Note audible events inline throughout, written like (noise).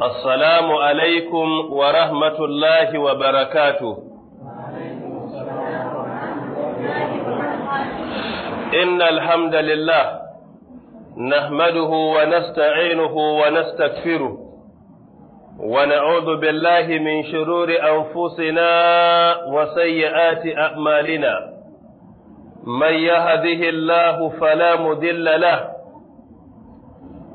السلام عليكم ورحمة الله وبركاته إن الحمد لله نحمده ونستعينه ونستكفره ونعوذ بالله من شرور أنفسنا وسيئات أعمالنا من يهده الله فلا مدل له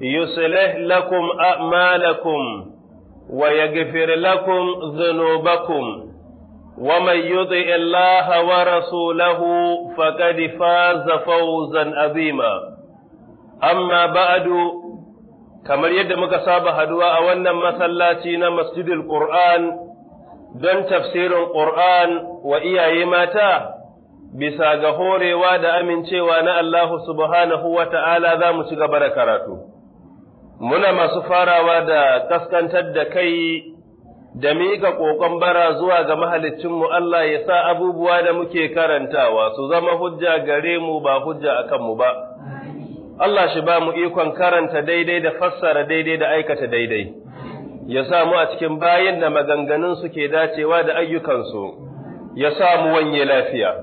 يصلح لكم أعمالكم ويغفر لكم ذنوبكم ومن يطع الله ورسوله فقد فاز فوزا عظيما أما بعد kamar yadda muka saba haduwa a wannan masallaci na masjidul Qur'an don tafsirin Qur'an wa iyaye mata bisa ga horewa da amincewa na Allahu subhanahu wa ta'ala za mu ci gaba da karatu. muna masu farawa da kaskantar da kai da mika ƙoƙon bara zuwa ga mahalicinmu Allah ya sa abubuwa da muke karantawa su zama hujja gare mu ba hujja a kanmu ba. Allah shi ba mu ikon karanta daidai da fassara daidai da aikata daidai, ya sa mu a cikin bayan da maganganun suke dacewa da ayyukansu, ya sa mu wanye lafiya.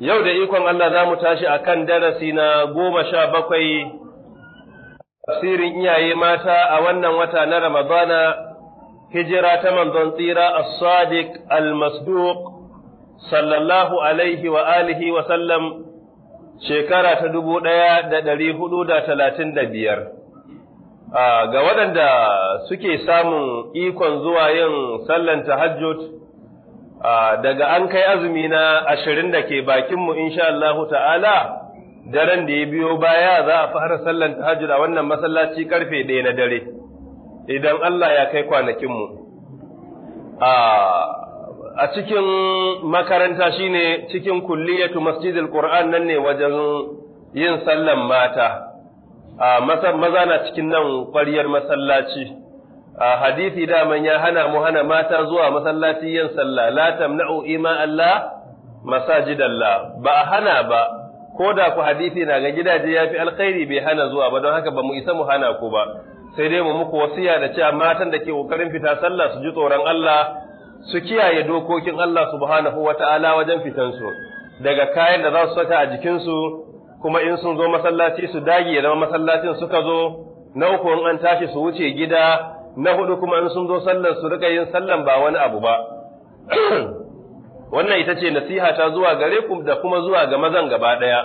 Yau da ikon Allah za mu tashi a kan darasi na goma sha bakwai asirin iyaye mata a wannan wata na Ramadana hijira ta manzon tsira as-sadiq al-masduq sallallahu alaihi wa alihi wa sallam shekara ta dubu ɗaya da ɗari hudu da talatin da biyar. Ga waɗanda suke samun ikon zuwa yin sallan tahajjud daga an kai azumi na ashirin da ke bakinmu insha Allah ta'ala daren da ya biyo baya za a fara sallan tahajjud a wannan masallaci karfe ɗaya na dare idan Allah ya kai kwanakinmu a cikin makaranta shine cikin kulliyatu masjidil qur'an nan ne wajen yin sallan mata maza na cikin nan ƙwariyar masallaci A hadisi daman ya hana mu hana mata zuwa masallaci yin sallah la tamna'u ima Allah masajidallah ba a hana ba ko da ku hadisi na ga gidaje ya fi alkhairi bai hana zuwa ba don haka ba mu isa mu hana ku ba sai dai mu muku wasiya da cewa matan da ke kokarin fita sallah su ji tsoron Allah su kiyaye dokokin Allah subhanahu wata'ala wajen fitan su daga kayan da za su saka a jikin su kuma in sun zo masallaci su dage ya masallacin suka zo na uku in an tashi su wuce gida na hudu kuma in sun zo sallar su rika yin sallan ba wani abu ba (clears throat) wannan ita ce nasiha ta zuwa gare ku da kuma zuwa ga mazan gaba daya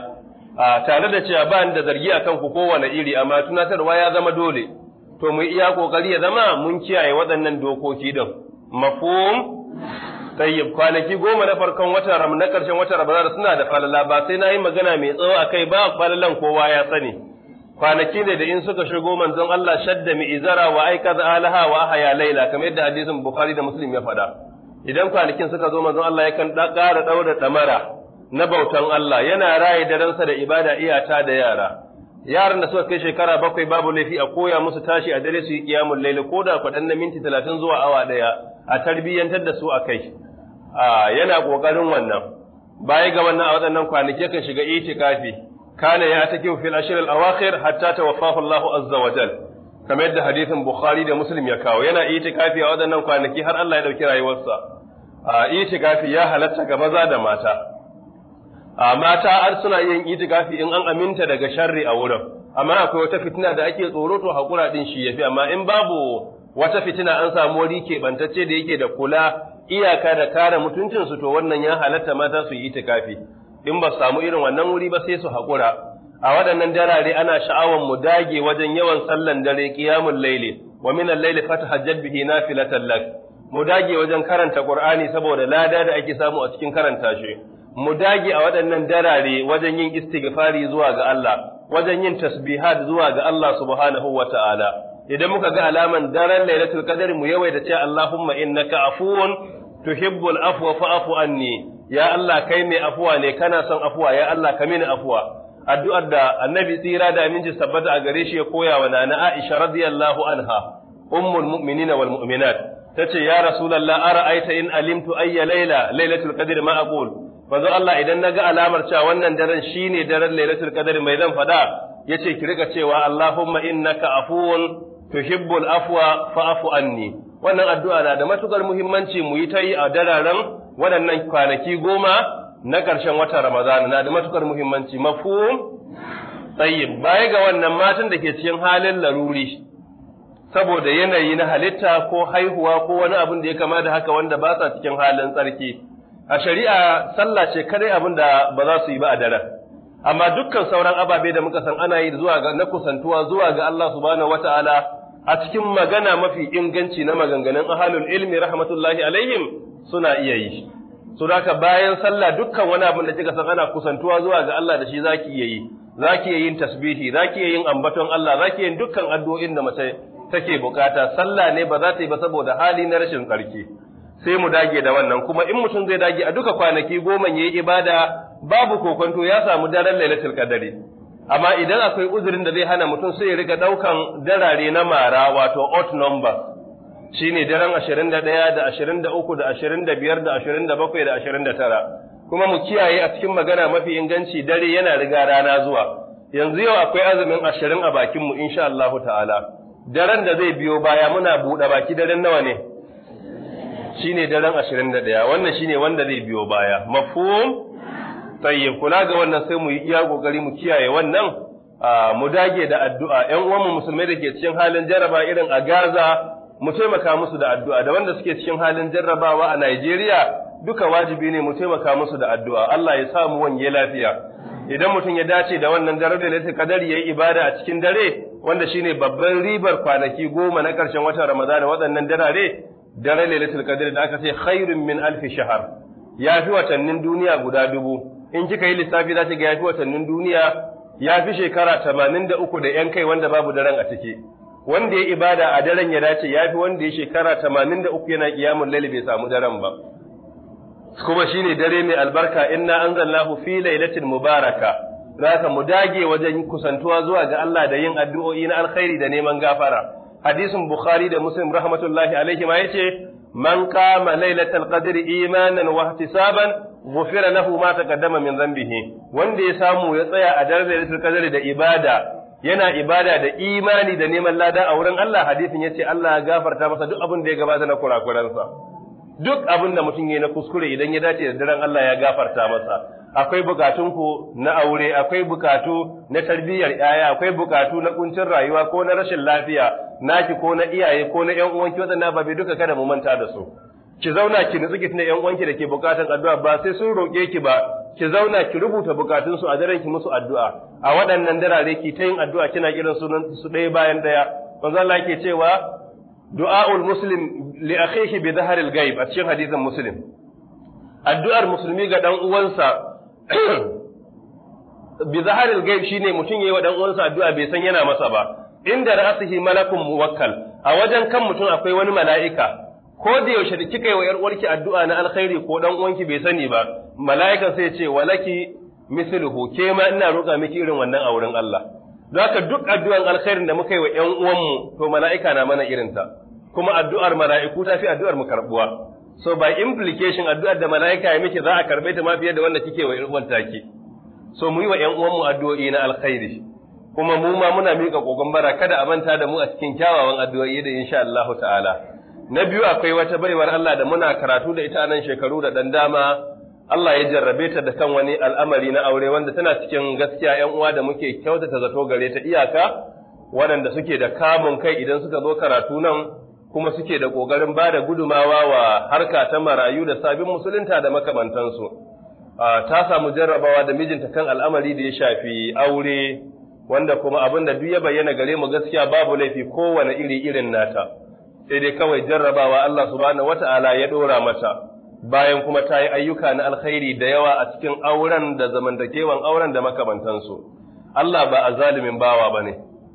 tare da cewa ba da zargi akan ku kowane iri amma tunatarwa ya zama dole to mu iya kokari ya zama mun kiyaye waɗannan dokoki din mafhum tayyib kwanaki goma na farkon wata ram na karshen watan da suna da falala ba sai na yi magana mai tsawo a kai ba falalan kowa ya sani kwanaki ne da in suka shigo manzon Allah shadda mi izara wa aika alaha wa haya laila kamar yadda hadisin bukhari da muslim ya faɗa idan kwanakin suka zo manzon Allah yakan ƙara ɗaura ɗamara na bautan Allah yana raye sa da ibada iyata da yara yaran da suka kai shekara bakwai babu laifi a koya musu tashi a dare su yi kiyamul laili ko da kwaɗan na minti talatin zuwa awa ɗaya a tarbiyyantar da su a kai yana ƙoƙarin wannan baya ga wannan a waɗannan kwanaki kan shiga itikafi kana ya take fil ashir al awakhir hatta tawaffahu Allah azza wa jal kamar yadda hadisin Bukhari da Muslim ya kawo yana itikafi a waɗannan kwanaki har Allah ya dauki rayuwarsa a itikafi ya halatta ga maza da mata a mata har suna yin itikafi in an aminta daga sharri a wurin amma akwai wata fitina da ake tsoro to hakura din shi yafi amma in babu wata fitina an samu wani keɓantacce da yake da kula iyaka da kare mutuncinsu to wannan ya halatta mata su yi itikafi in ba samu irin wannan wuri ba sai su hakura a waɗannan darare ana sha'awar mu dage wajen yawan sallan dare kiyamul laili. wa min al laili fatahajjat bihi nafilatan lak mu dage wajen karanta Qur'ani saboda lada da ake samu a cikin karanta shi mu dage a waɗannan darare wajen yin istighfari zuwa ga Allah wajen yin tasbihat zuwa ga Allah subhanahu wata'ala idan muka ga alaman daren lailatul qadr mu yawaita ce Allahumma innaka afuwun tuhibbul afwa fa'fu anni ya Allah kai mai afuwa ne kana son afuwa ya Allah ka mini afuwa addu'ar da annabi tsira da aminci sabbata a gare shi ya koya wa nana Aisha radiyallahu anha ummul mu'minina wal mu'minat tace ya ara aita in alimtu ayya laila lailatul qadr ma aqul Allah idan naga alamar cewa wannan daren shine daren lailatul qadr mai zan fada yace ki rika cewa allahumma innaka afuwun tuhibbul afwa fa'fu anni wannan addu'a na da matukar muhimmanci mu yi ta yi a dararen waɗannan kwanaki goma na ƙarshen watan Ramadan na da matukar muhimmanci mafhum tayyib baya ga wannan matan da ke cikin halin laruri saboda yanayi na halitta ko haihuwa ko wani abin da ya kama da haka wanda ba sa cikin halin tsarki a shari'a sallah ce kare abin da ba za su yi ba a daren amma dukkan sauran ababe da muka san ana yi zuwa ga na kusantuwa zuwa ga Allah subhanahu wataala a cikin magana mafi inganci na maganganun ahalul ilmi rahmatullahi alaihim suna iya yi su haka bayan sallah dukkan wani abin da kika san ana kusantuwa zuwa ga Allah da shi zaki iya yi zaki iya yin tasbihi zaki iya yin ambaton Allah zaki iya yin dukkan addu'o'in da mace take bukata sallah ne ba za ta yi ba saboda hali na rashin tsarki sai mu dage da wannan kuma in mutum zai dage a duka kwanaki goma ya ibada babu kokonto ya samu daren lailatul qadari amma idan akwai uzurin da zai hana mutum sai ya riga daukan darare na mara wato odd number shine daren 21 da 23 da 25 da 27 da 29 kuma mu kiyaye a cikin magana mafi inganci dare yana riga rana zuwa yanzu yau akwai azumin 20 a bakin mu insha Allah ta'ala daren da zai biyo baya muna buɗe baki daren nawa ne shine daren 21 wannan shine wanda zai biyo baya mafhum tayyib kula ga wannan sai mu yi iya kokari mu kiyaye wannan mu dage da addu'a ƴan uwanmu musulmai da ke cikin halin jaraba irin a Gaza mu taimaka musu da addu'a da wanda suke cikin halin jarrabawa a Najeriya duka wajibi ne mu taimaka musu da addu'a Allah ya sa mu wanye lafiya idan mutum ya dace da wannan dare da kadari ya yayi ibada a cikin dare wanda shine babban ribar kwanaki goma na ƙarshen watan Ramadan waɗannan darare da lailatul kadari da aka ce khairun min alfi shahar yafi watannin duniya guda dubu in kika yi lissafi za ki ga yafi watannin duniya yafi shekara 83 da yan kai wanda babu daren a ciki wanda ya ibada a daren ya dace yafi wanda ya shekara 83 yana kiyamul laili bai samu daren ba kuma shine dare mai albarka inna anzalnahu fi lailatin mubaraka zaka mu dage wajen kusantuwa zuwa ga Allah da yin addu'o'i na alkhairi da neman gafara hadisin bukhari da muslim rahmatullahi alaihi ma yace man qama lailatul qadri imanan wa ihtisaban ghufira lahu ma taqaddama min dhanbihi wanda ya samu ya tsaya a daren lailatul qadri da ibada yana ibada da imani da neman lada a wurin Allah hadisin yace Allah ya gafarta masa duk abin da ya gabata na kurakuransa duk abin da mutum yayi na kuskure idan ya dace da daren Allah ya gafarta masa akwai bukatun ku na aure akwai bukatu na tarbiyyar yaya akwai bukatu na kuncin rayuwa ko na rashin lafiya naki ko na iyaye ko na ƴan uwanki wadannan ba bai duka kada mu manta da su ki zauna ki nutsu ki tuna ƴan uwanki da ke bukatan addu'a ba sai sun roƙe ki ba ki zauna ki rubuta bukatun su a daren ki musu addu'a a waɗannan darare ki ta yin addu'a kina kiran sunan su ɗaya bayan ɗaya manzo Allah yake cewa du'a'ul muslim li akhihi bi dhahril ghaib a cikin hadisin muslim addu'ar musulmi ga dan uwansa (clears throat) bi dhahril ghaib shine mutum yayi wa dan uwansa addu'a bai san yana masa ba inda ra'sihi malakun muwakkal a wajen kan mutum akwai wani mala'ika ko da yaushe da kika yi wa yar uwarki addu'a na alkhairi ko dan uwanki bai sani ba mala'ika sai ce walaki misluhu ke ma ina roƙa miki irin wannan a wurin Allah Zaka duk addu'an alkhairin da muka yi wa ‘yan uwanmu, to mala'ika na mana irinta, kuma addu'ar mala'iku ta fi addu'ar mu karɓuwa. So by implication addu'ar da mala'ika ya miki za a karɓe ta ma fiye da wanda kike wa ‘yan take. So mu yi wa ‘yan addu'o'i na alkhairi. Kuma mu ma muna miƙa ƙoƙon bara kada a manta da mu a cikin kyawawan addu'o'i da insha Allahu ta'ala. Na biyu akwai wata baiwar Allah da muna karatu da ita nan shekaru da ɗan dama Allah ya jarrabe ta da kan wani al'amari na aure wanda tana cikin gaskiya ‘yan uwa da muke kyautata zato gare ta iyaka waɗanda suke da kamun kai idan suka zo karatu nan kuma suke da ƙoƙarin ba da gudumawa wa harka ta marayu da sabin musulunta da makamantansu. Ta samu jarrabawa da mijinta kan al'amari da ya shafi aure wanda kuma abin da duk ya bayyana gare mu gaskiya babu laifi kowane iri irin nata. Sai dai kawai jarrabawa Allah subhanahu wata'ala ya ɗora mata. bayan kuma ta yi ayyuka na alkhairi da yawa a cikin auren da zamantakewan auren da makamantansu. Allah ba a zalimin bawa ba ne.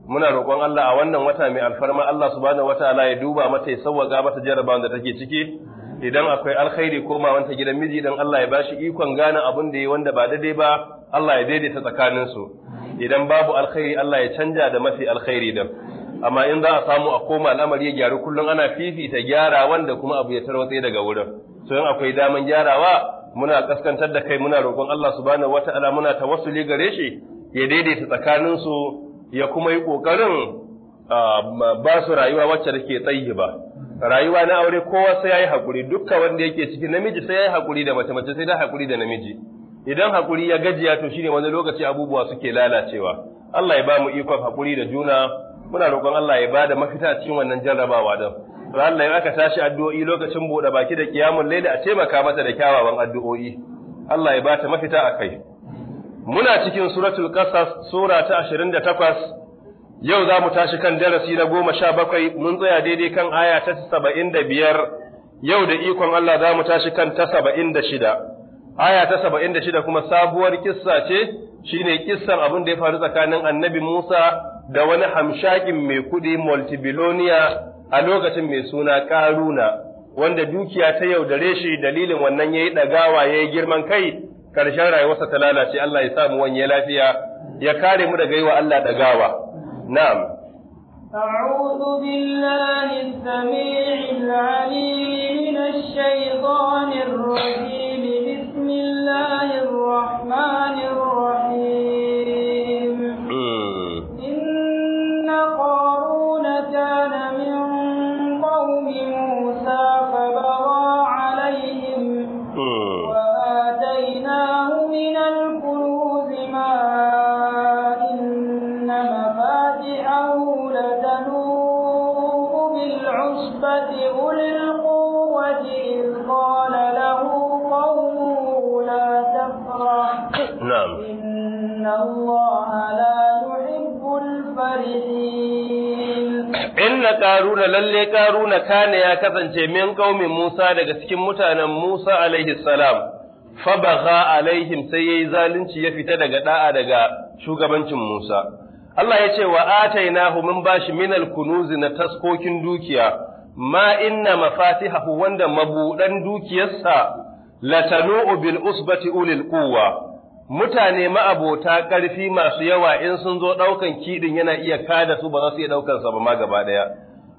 Muna roƙon Allah a wannan wata mai alfarma Allah subhanahu wataala ya duba mata ya sauwaka mata jarabawan da take ciki. Idan akwai alkhairi ma ta gidan miji dan Allah ya bashi ikon gane abin da ya wanda ba daidai ba Allah ya daidaita tsakaninsu. Idan babu alkhairi Allah ya canja da mafi alkhairi dan Amma in za a samu a koma al'amari ya gyaru kullum ana fifita gyara wanda kuma abu ya tarwatse daga wurin. so akwai daman gyarawa muna kaskantar da kai muna roƙon Allah subhanahu wata'ala muna tawassuli gare shi ya daidaita tsakanin su ya kuma yi ƙoƙarin ba su rayuwa wacce da ke tsayi ba rayuwa na aure kowa sai yayi hakuri dukkan wanda yake cikin namiji sai yayi hakuri da mace mace sai da hakuri da namiji idan hakuri ya gajiya to shine wani lokaci abubuwa suke lalacewa Allah ya ba mu ikon hakuri da juna muna roƙon Allah ya bada mafita cikin wannan jarrabawa da to Allah aka tashi addu'o'i lokacin bude baki da kiyamul laili a taimaka mata da kyawawan addu'o'i Allah ya ba ta mafita a kai muna cikin suratul qasas sura ta 28 yau za mu tashi kan darasi na goma sha bakwai mun tsaya daidai kan aya ta saba'in yau da ikon Allah za mu tashi kan ta saba'in aya ta saba'in da kuma sabuwar kissa ce shine kissar abin da ya faru tsakanin annabi Musa da wani hamshakin mai kuɗi multibiloniya a lokacin mai suna ƙaruna wanda dukiya ta yaudare shi dalilin wannan yayi ɗagawa yayi girman kai ƙarshen rayuwarsa ta lalace Allah ya sa mu wanye lafiya ya kare mu daga yi wa Allah ɗagawa na'am أعوذ بالله السميع العليم من الشيطان الرجيم بسم الله الرحمن الرحيم karuna lalle karuna kane ya kasance min kaumin Musa daga cikin mutanen Musa alaihi salam fa bagha alaihim sai yayi zalunci ya fita daga da'a daga shugabancin Musa Allah ya ce wa atainahu min bashi minal kunu na taskokin dukiya ma inna mafatihahu wanda mabudan dukiyarsa latanu'u bil usbati ulil quwwa mutane ma'abota ƙarfi masu yawa in sun zo ɗaukan kiɗin yana iya kada su ba za su iya ɗaukansa sa ba ma gaba ɗaya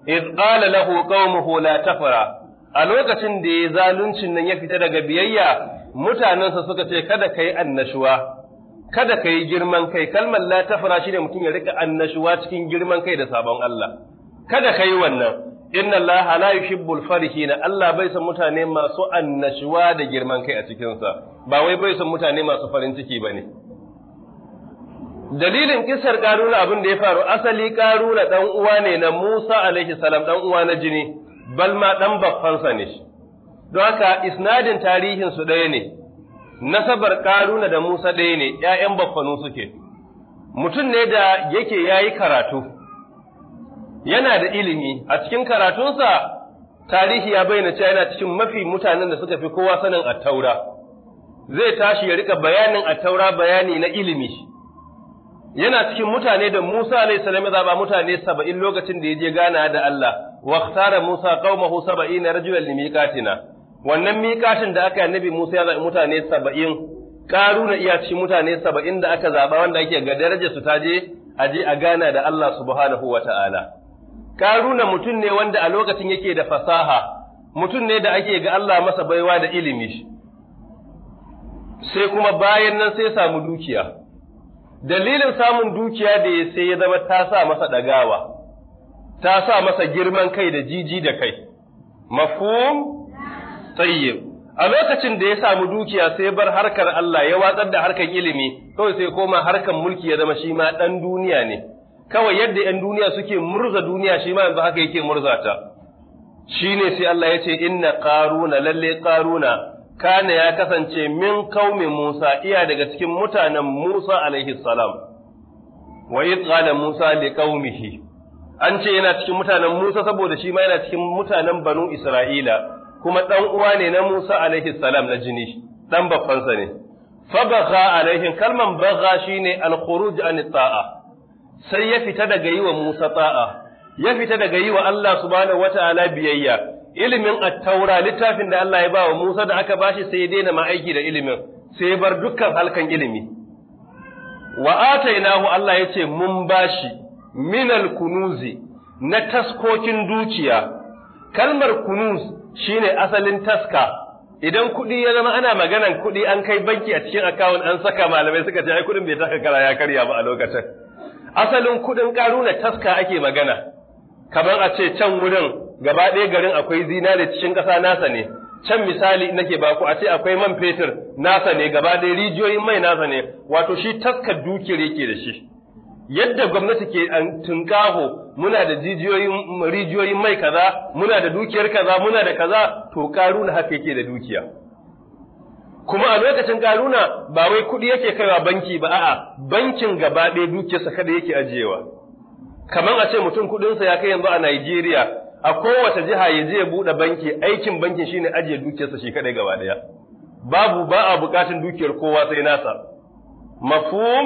iz qala lahu qaumuhu la tafra a lokacin da ya zaluncin nan ya fita daga biyayya mutanensa suka ce kada kai annashuwa kada kai girman kai kalmar la tafra shine mutum ya rika annashuwa cikin girman kai da sabon Allah kada kai wannan inna Allah la yuhibbul farihin Allah bai san mutane masu annashuwa da girman kai a cikin sa ba wai bai san mutane masu farin ciki bane dalilin kisar karuna abin da ya faru asali karuna dan uwa ne na Musa alaihi salam dan uwa na jini Balma ma dan baffansa ne don haka isnadin tarihin su ɗaya ne nasabar karuna da Musa ɗaya ne ƴaƴan baffanu suke mutum ne da yake yayi karatu yana da ilimi a cikin karatunsa tarihi ya bayyana cewa yana cikin mafi mutanen da suka fi kowa sanin attaura zai tashi ya rika bayanin attaura bayani na ilimi yana cikin mutane da Musa alayhi salam ya zaba mutane saba'in lokacin da ya je gana da Allah wa khtara Musa qaumahu 70 rajulan miqatina wannan miqatin da aka yi annabi Musa ya zabi mutane 70 karuna iya cikin mutane 70 da aka zaba wanda ake ga darajar su ta je a je a gana da Allah subhanahu wataala karuna mutum ne wanda a lokacin yake da fasaha mutum ne da ake ga Allah masa baiwa da ilimi sai kuma bayan nan sai samu dukiya dalilin samun dukiya da ya sai ya zama ta sa masa ɗagawa, ta sa masa girman kai da jiji da kai, mafhum tsaye. A lokacin da ya samu dukiya sai bar harkar Allah ya watsar da harkar ilimi, kawai sai koma harkar mulki ya zama shi ma ɗan duniya ne, kawai yadda ‘yan duniya suke murza duniya shi ma yanzu haka yake murza ta. Shi ne sai Allah ya ce, Inna ƙaruna, lalle ƙaruna, kana ya kasance min kaumi Musa iya daga cikin mutanen Musa alaihi salam wa qala Musa li qaumihi an ce yana cikin mutanen Musa saboda shi ma yana cikin mutanen Banu Isra'ila kuma dan uwa ne na Musa alaihi salam na jini dan sa ne fabagha alaihi kalman bagha shine al-khuruj an ta'a sai ya fita daga yi wa Musa ta'a ya fita daga yi wa Allah subhanahu wata'ala biyayya ilimin attaura littafin da Allah ya ba wa Musa da aka bashi sai ya daina ma aiki da ilimin sai ya bar dukkan halkan ilimi wa atainahu Allah ya ce mun bashi minal kunuzi na taskokin dukiya kalmar kunuz shine asalin taska idan kuɗi ya zama ana maganan kuɗi an kai banki a cikin akawun an saka malamai suka ce ai kuɗin bai taka kara ya karya ba a lokacin asalin kuɗin karuna taska ake magana kamar a ce can wurin gaba ɗaya garin akwai zinare cikin ƙasa nasa ne can misali nake baku a ce akwai man fetur nasa ne gaba ɗaya rijiyoyin mai nasa ne wato shi taskar dukiyar yake da shi yadda gwamnati ke tunkaho muna da rijiyoyin mai kaza muna da dukiyar kaza muna da kaza to karuna haka yake da dukiya kuma a lokacin karuna ba wai kuɗi yake kaiwa banki ba a'a bankin gaba ɗaya dukiyarsa kada yake ajiyewa kamar a ce mutum kuɗinsa ya kai yanzu a Najeriya a kowace jiha ya je buɗe banki aikin bankin shine ajiye dukiyarsa shi kadai gaba daya babu ba a bukatun dukiyar kowa sai nasa mafhum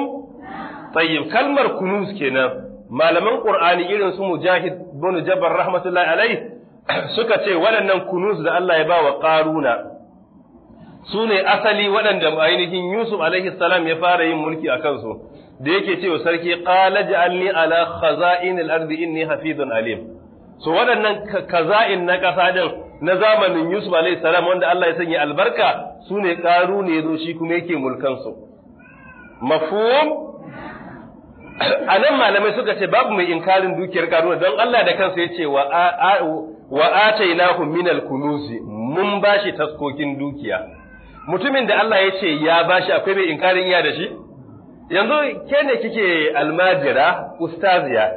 tayyib kalmar kunuz kenan malaman qur'ani irin su mujahid bin jabbar rahmatullahi alaihi (coughs) suka ce waɗannan kunuz da Allah ya ba wa qaruna su ne asali waɗanda ainihin Yusuf alaihi ya fara yin mulki a kansu da yake cewa sarki qala ja'alni ala khaza'in al-ardi inni hafizun alim so waɗannan kaza'in na ƙasa din na zamanin Yusuf alayhi salam wanda Allah ya sanya albarka su ne ƙaru ne zo shi kuma yake mulkan su mafhum a nan malamai suka ce babu mai inkarin dukiyar karuna don Allah da kansa ya ce wa atainahu minal kunuzi mun bashi taskokin dukiya mutumin da Allah ya ce ya bashi akwai mai inkarin ya da shi yanzu ke ne kike almajira ustaziya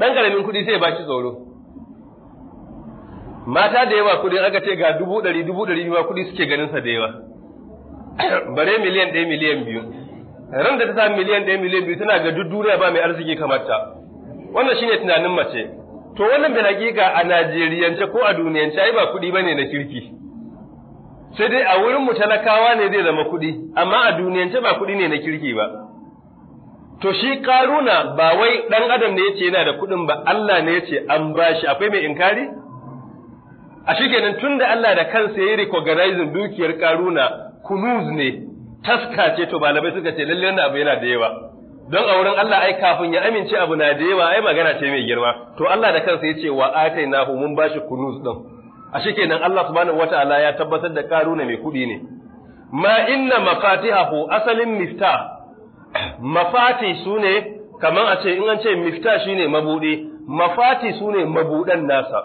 ɗan ƙaramin kuɗi sai ba shi tsoro mata da yawa kuɗin aka ce ga dubu ɗari dubu ɗari biyu kuɗi suke ganin sa da yawa (coughs) bare miliyan ɗaya miliyan biyu ran da ta samu miliyan ɗaya miliyan biyu tana ga duk duniya ba mai arziki kamar ta wannan shine tunanin mace to wannan bin hakika a Najeriyance ko a duniyance ai ba kuɗi bane na kirki sai dai a wurin mu talakawa ne zai zama kuɗi amma a duniyance ba kuɗi ne na kirki ba To shi karuna ba wai ɗan adam ne yace yana da kuɗin ba Allah ne yace an bashi akwai mai inkari? A shi kenan tun da Allah da kansa ya recognizing dukiyar karuna kunuz ne taska ce to malamai suka ce lalle wannan abu yana da yawa. Don a wurin Allah ai kafin ya amince abu na da yawa ai magana ce mai girma. To Allah da kansa yace wa atainahu mun bashi kunuz din. A shi kenan Allah subhanahu wataala ya tabbatar da karuna mai kuɗi ne. Ma inna mafatihahu asalin miftah mafati sune kaman a ce in an ce mifta shine mabuɗi. mafati sune mabuɗan nasa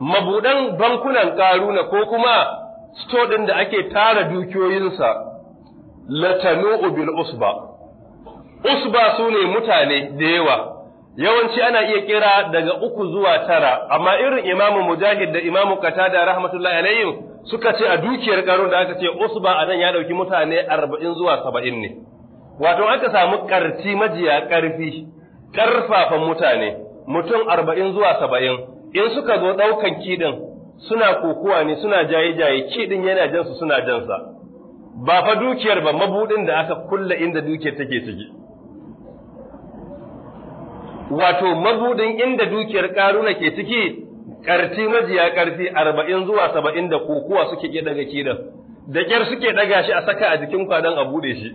mabuɗan bankunan ƙaruna, ko kuma sto ɗin da ake tara dukiyoyinsa Latano bil usba usba sune mutane da yawa yawanci ana iya kira daga uku zuwa tara amma irin imamu mujahid da imamu da rahmatullahi alayhim suka ce a dukiyar karo da aka ce usba a nan ya ɗauki mutane arba'in zuwa saba'in ne wato aka samu karci majiya karfi karfafa mutane mutum arba'in zuwa saba'in in suka zo ɗaukan kiɗin suna kokuwa ne suna jaye-jaye kiɗin yana jansu suna jansa ba fa dukiyar ba mabuɗin da aka kulla inda dukiyar take ciki wato mabuɗin inda dukiyar ƙaruna ke ciki ƙarti majiya ƙarfi arba'in zuwa saba'in da kokuwa suke ke daga kiɗin da ƙyar suke ɗaga shi a saka a jikin kwanon a buɗe shi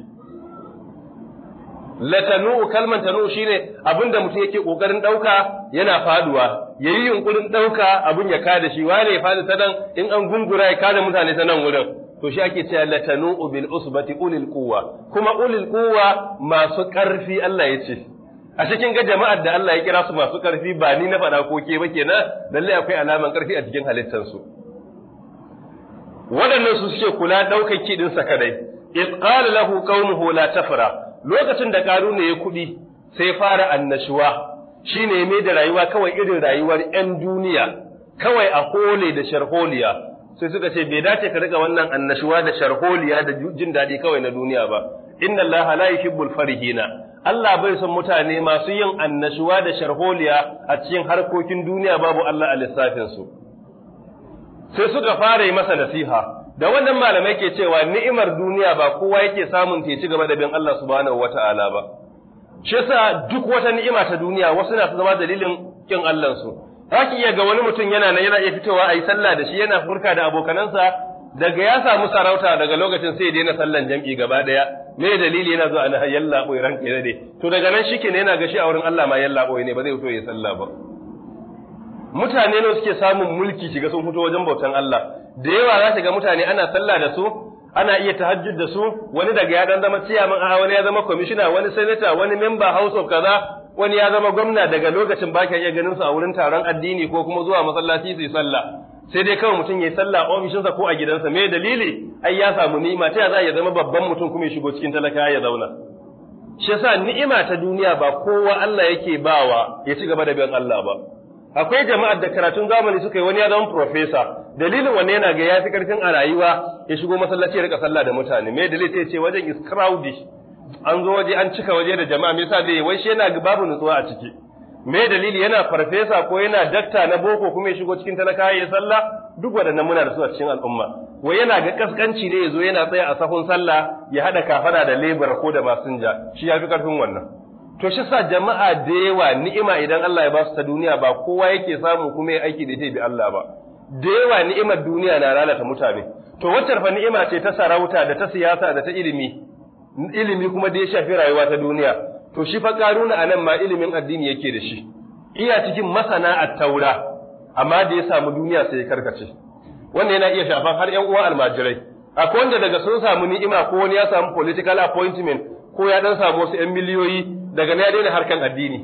latanu'u kalman tanu shine abinda mutum yake kokarin dauka yana faduwa yayi yunkurin dauka abin ya kada shi wane ya fadi sanan in an gungura ya kada mutane ta nan wurin to shi ake cewa latanu'u bil usbati ulil quwwa kuma ulil quwwa masu karfi Allah ya ce a cikin ga jama'ar da Allah ya kira su masu karfi ba ni na faɗa ko ke ba kenan lalle akwai alaman karfi a cikin halittar su waɗannan su suke kula ɗaukar kidin sa kadai إذ قال له قومه لا lokacin da ƙaruna ya kuɗi sai fara annashuwa shi ne mai da rayuwa kawai irin rayuwar 'yan duniya kawai a hole da sharholiya sai suka ce bai dace ka riga wannan annashuwa da sharholiya da jin daɗi kawai na duniya ba inna allaha la yuhibbul farihina Allah bai son mutane masu yin annashuwa da sharholiya a cikin harkokin duniya babu Allah a lissafinsu. Sai suka fara yi masa nasiha, da wannan malamai ke cewa ni'imar duniya ba kowa yake samun ta ci gaba da bin Allah subhanahu wata'ala ba shi yasa duk wata ni'ima ta duniya wasu na zama dalilin kin Allah su zaki iya ga wani mutum yana nan yana iya fitowa ayi sallah da shi yana furka da abokanansa daga ya samu sarauta daga lokacin sai daina sallan jam'i gaba daya me dalili yana zuwa na yalla boye ranka ne to daga nan shike ne yana gashi a wurin Allah ma yalla ne ba zai fito ya sallah ba mutane ne suke samun mulki shiga sun fito wajen bautan Allah da yawa za ga mutane ana sallah da su ana iya tahajjud da su wani daga ya dan zama ciyaman a wani ya zama commissioner wani senator wani member house of kaza wani ya zama gwamna daga lokacin ba ka iya ganin su a wurin taron addini ko kuma zuwa masallaci su yi sallah sai dai kawai mutum ya yi sallah a ofishinsa ko a gidansa me dalili ai ya samu ni'ima ta za ya zama babban mutum kuma ya shigo cikin talaka ya zauna shi yasa ni'ima ta duniya ba kowa Allah yake bawa ya ci gaba da bin Allah ba akwai jama'ar da karatun zamani suka yi wani ya zama profesa dalilin wanne yana ga ya fi karfin a rayuwa ya shigo masallaci ya rika sallah da mutane me dalilin ta ce wajen is crowded an zo waje an cika waje da jama'a me yasa bai wai shi yana babu nutsuwa a ciki Mai dalili yana farfesa ko yana dakta na boko kuma ya shigo cikin talaka ya sallah duk waɗannan muna da su a cikin al'umma wai yana ga kaskanci ne ya zo yana tsaya a sahun sallah ya haɗa kafana da lebar ko da masinja shi ya fi karfin wannan To shi sa jama'a da yawa ni'ima idan Allah ya ba su ta duniya ba kowa yake samu kuma ya aiki da ta bi Allah ba. Da yawa ni'imar duniya na lalata mutane. To wacce fa ni'ima ce ta sarauta da ta siyasa da ta ilimi. Ilimi kuma da ya shafi rayuwa ta duniya. To shi fa karuna anan ma ilimin addini yake da shi. Iya cikin masana at-taura amma da ya samu duniya sai ya karkace. Wanda yana iya shafan har ƴan uwa almajirai. Akwai wanda daga sun samu ni'ima ko wani ya samu political appointment ko ya dan samu wasu 'yan miliyoyi daga na ya daina harkan addini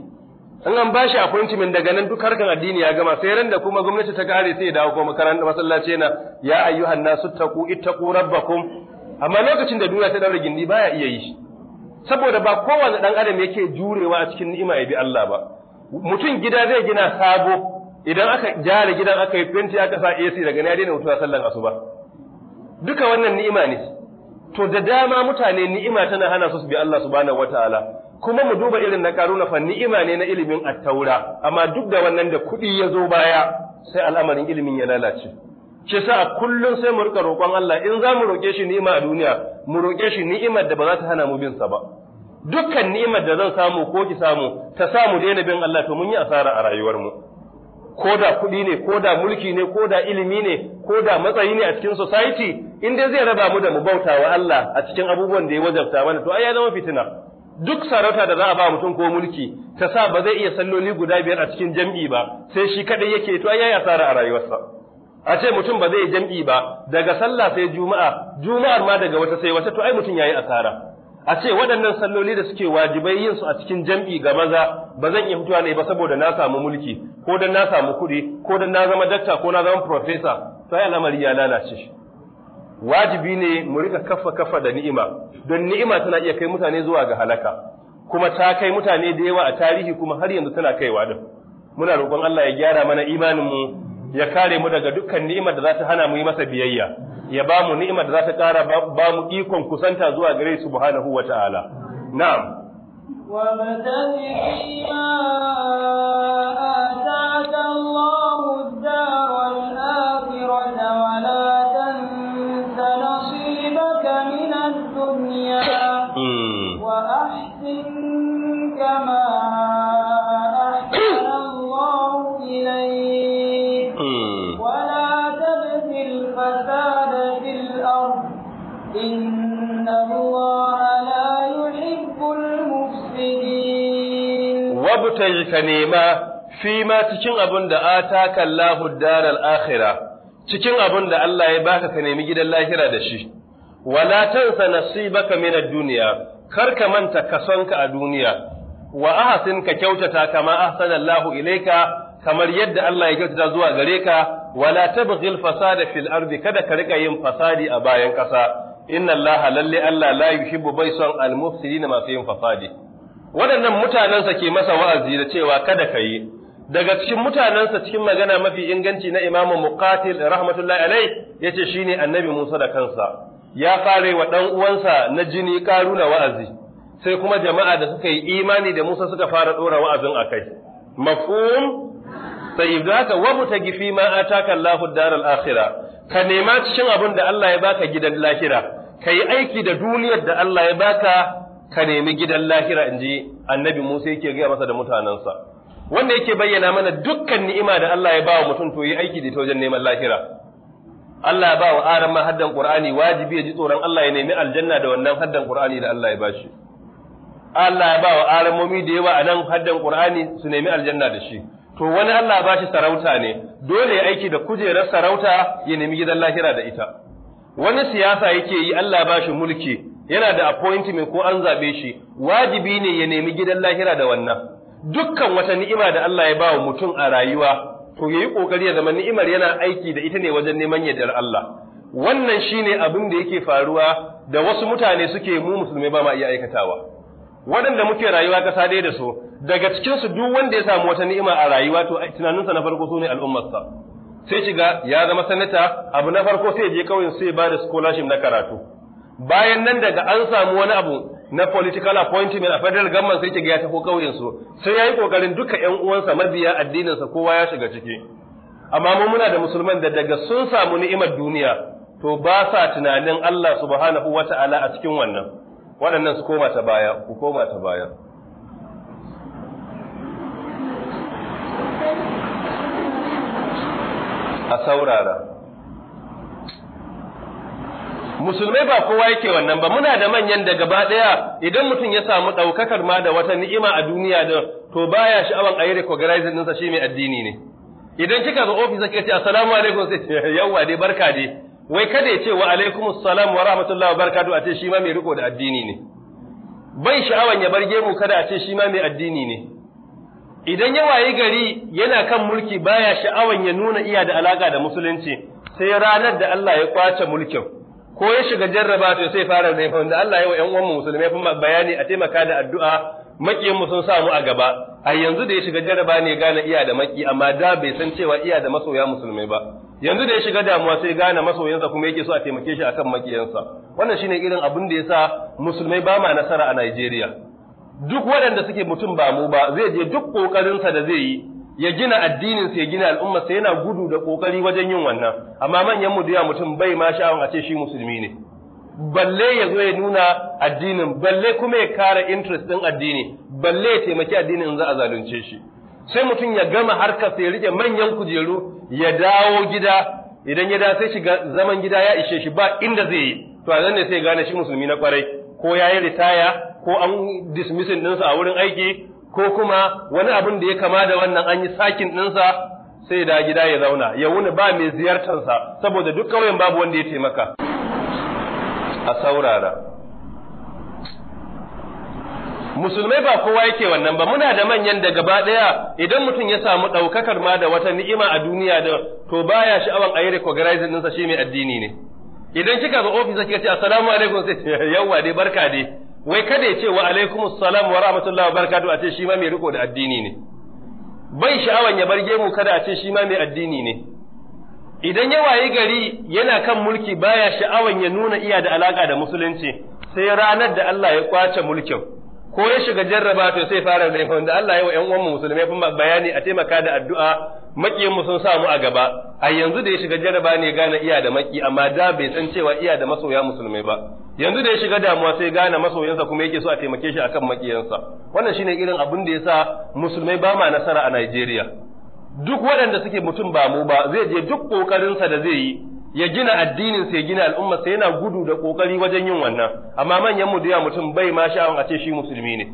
in an bashi appointment daga nan duk harkan addini ya gama sai ran da kuma gwamnati ta kare sai ya dawo kuma makaranta masallaci na ya ayyuhan nasu taqu ittaqu rabbakum amma lokacin da duniya ta daura gindi baya iya yi saboda ba kowane dan adam yake jurewa a cikin ni'ima ya bi Allah ba mutum gida zai gina sabo idan aka jare gidan aka yi fenti aka sa AC daga na daina mutuwa sallan asuba duka wannan ni'ima ne to da dama mutane ni'ima tana hana su su bi Allah subhanahu wataala kuma mu duba irin na karuna fa ni'ima ne na ilimin attaura amma duk da wannan da kuɗi ya zo baya sai al'amarin ilimin ya lalace ke sa a kullum sai mu rika roƙon Allah in za mu roƙe shi ni'ima a duniya mu roƙe shi ni'imar da ba za ta hana mu bin sa ba dukkan ni'imar da zan samu ko ki samu ta mu daina bin Allah to mun yi asara a rayuwar mu ko da kuɗi ne ko da mulki ne ko da ilimi ne ko da matsayi ne a cikin society in dai zai raba mu da mu bautawa Allah a cikin abubuwan da ya wajabta mana to ai ya zama fitina duk sarauta da za a ba mutum ko mulki ta sa ba zai iya salloli guda biyar a cikin jam'i ba sai shi kadai yake to asara a rayuwarsa a ce mutum ba zai jam'i ba daga sallah sai juma'a juma'ar ma daga wata sai wata to ai mutum yayi asara a ce waɗannan salloli da suke wajibai yin su a cikin jam'i ga maza ba zan iya fitowa ne ba saboda na samu mulki ko dan na samu kuɗi ko dan na zama dakta ko na zama professor sai al'amari ya lalace wajibi ne mu rika kafa kafa da ni'ima don ni'ima tana iya kai mutane zuwa ga halaka kuma ta kai mutane da yawa a tarihi kuma har yanzu tana kaiwa din muna roƙon Allah ya gyara mana imanin mu ya kare mu daga dukkan ni'imar da za ta hana mu yi masa biyayya ya ba mu ni'imar da za ta kara ba mu ikon kusanta zuwa gare subhanahu wata'ala na'am wa fabtaji ka nema fi ma cikin abin da ataka Allahu daral akhira cikin abin da Allah ya baka ka nemi gidan lahira da shi wala tansa nasibaka min mina duniya kar ka manta kasonka a duniya wa ahasin ka kyautata kama ahsana Allahu ilaika kamar yadda Allah ya kyautata zuwa gare ka wala tabghil fasada fil ardi kada ka rika yin fasadi a bayan kasa inna Allah lalle Allah la yuhibbu baysan al mufsidin masu yin fasadi waɗannan mutanensa ke masa wa'azi da cewa kada ka yi daga cikin mutanensa cikin magana mafi inganci na imamu muqatil rahmatullahi alai shi ne annabi Musa da kansa ya fare wa ɗan'uwansa uwansa na jini karuna wa'azi sai kuma jama'a da suka yi imani da Musa suka fara ɗora wa'azin a kai Mafum, sai ka wa gifi ma ataka Allahu daral akhira? ka nema cikin abin da Allah ya baka gidan lahira Ka yi aiki da duniyar da Allah ya baka ka nemi gidan lahira in ji annabi Musa yake gaya masa da mutanensa wanda yake bayyana mana dukkan ni'ima da Allah ya bawa mutum to yi aiki da ita wajen neman lahira Allah ya bawa aran ma haddan Qur'ani wajibi ya ji tsoron Allah ya nemi aljanna da wannan haddan Qur'ani da Allah ya ba shi. Allah ya bawa aran momi da yawa a nan haddan Qur'ani su nemi aljanna da shi to wani Allah ya ba shi sarauta ne dole ya aiki da kujerar sarauta ya nemi gidan lahira da ita wani siyasa yake yi Allah ya shi mulki yana da appointment ko an zaɓe shi wajibi ne ya nemi gidan lahira da wannan dukkan wata ni'ima da Allah ya bawa mutum a rayuwa to yayi kokari ya zama ni'imar yana aiki da ita ne wajen neman yardar Allah wannan shine abin da yake faruwa da wasu mutane suke mu musulmai ba ma iya aikatawa waɗanda muke rayuwa ƙasa ɗaya da su daga cikin su duk wanda ya samu wata ni'ima a rayuwa to tunaninsa na farko sune al'ummarsa sai shiga ya zama sanata abu na farko sai je kawai sai ba da scholarship na karatu bayan nan daga an samu wani abu na political appointment a federal government sai kiga ya tafi kauyen su sai yayi kokarin duka ƴan uwansa mabiya addinin sa kowa ya shiga ciki amma mu muna da musulman da daga sun samu ni'imar duniya to ba sa tunanin Allah subhanahu wata'ala a cikin wannan waɗannan su koma ta baya ku koma ta baya a saurara musulmai ba kowa yake wannan ba muna da manyan da gaba daya idan mutum ya samu daukakar ma da wata ni'ima a duniya da to baya sha'awan yi recognizing ɗinsa shi mai addini ne idan kika zo office kika ce assalamu alaikum sai (laughs) yawa dai barka dai wai kada ya ce wa alaikumus salam wa rahmatullahi wa barakatuh a ce shi ma mai riko da addini ne bai sha'awan ya barge mu kada a ce shi ma mai addini ne idan ya wayi gari yana kan mulki baya sha'awan ya nuna iya da alaka da musulunci sai ranar da Allah ya kwace mulkin ko ya shiga jarraba to sai fara fa wanda Allah ya wa ƴan uwan musulmai fa bayani a taimaka da addu'a makiyin mu sun samu a gaba a yanzu da ya shiga jarraba ne gane iya da maki amma da bai san cewa iya da masoya musulmai ba yanzu da ya shiga damuwa sai gane masoyansa kuma yake so a taimake shi akan makiyansa wannan shine irin abin da yasa musulmai ba ma nasara a Najeriya duk waɗanda suke mutum ba mu ba zai je duk kokarinsa da zai yi ya gina addinin sa ya gina al'umma sa yana gudu da kokari wajen yin wannan amma manyan mu da mutum bai ma sha'awan a ce shi musulmi ne balle ya zo ya nuna addinin balle kuma ya kara interest din addini balle ya taimaki addinin in za a zalunce shi sai mutum ya gama harkar sai ya rike manyan kujeru ya dawo gida idan ya da sai shiga zaman gida ya ishe shi ba inda zai yi to a nan ne sai gane shi musulmi na kwarai ko ya yi ritaya ko an dismissing dinsa a wurin aiki ko kuma wani abin da ya kama da wannan an yi sakin ɗinsa sai da gida ya zauna ya wuni ba mai ziyartarsa saboda duk kawai babu wanda ya taimaka a saurara musulmai ba kowa yake wannan ba muna da manyan da gaba ɗaya idan mutum ya samu ɗaukakar ma da wata ni'ima a duniya da to baya sha'awan a yi recognizing ɗinsa shi mai addini ne idan kika zo ofis kika ce assalamu alaikum sai yawwa dai barka dai wai kada ya ce wa alaikum salam wa rahmatullahi wa barakatu a ce shi ma mai riko da addini ne bai sha'awan ya barge mu kada a ce shi ma mai addini ne idan ya wayi gari yana kan mulki baya sha'awan ya nuna iya da alaka da musulunci sai ranar da Allah ya kwace mulkin ko ya shiga jarraba to sai fara da yawan da Allah ya wa ƴan uwan musulmai kuma bayani a taimaka da addu'a makiyin mu sa mu a gaba a yanzu da ya shiga jarraba ne gane iya da maki amma da bai san cewa iya da masoya musulmai ba yanzu da ya shiga damuwa sai gane masoyansa kuma yake so a taimake shi akan makiyansa wannan shine irin abin da yasa musulmai ba ma nasara a Najeriya duk waɗanda suke mutum ba mu ba zai je duk sa da zai yi ya gina addinin sai gina al'umma sai yana gudu da kokari wajen yin wannan amma manyan mu da mutum bai ma sha'awan a ce shi musulmi ne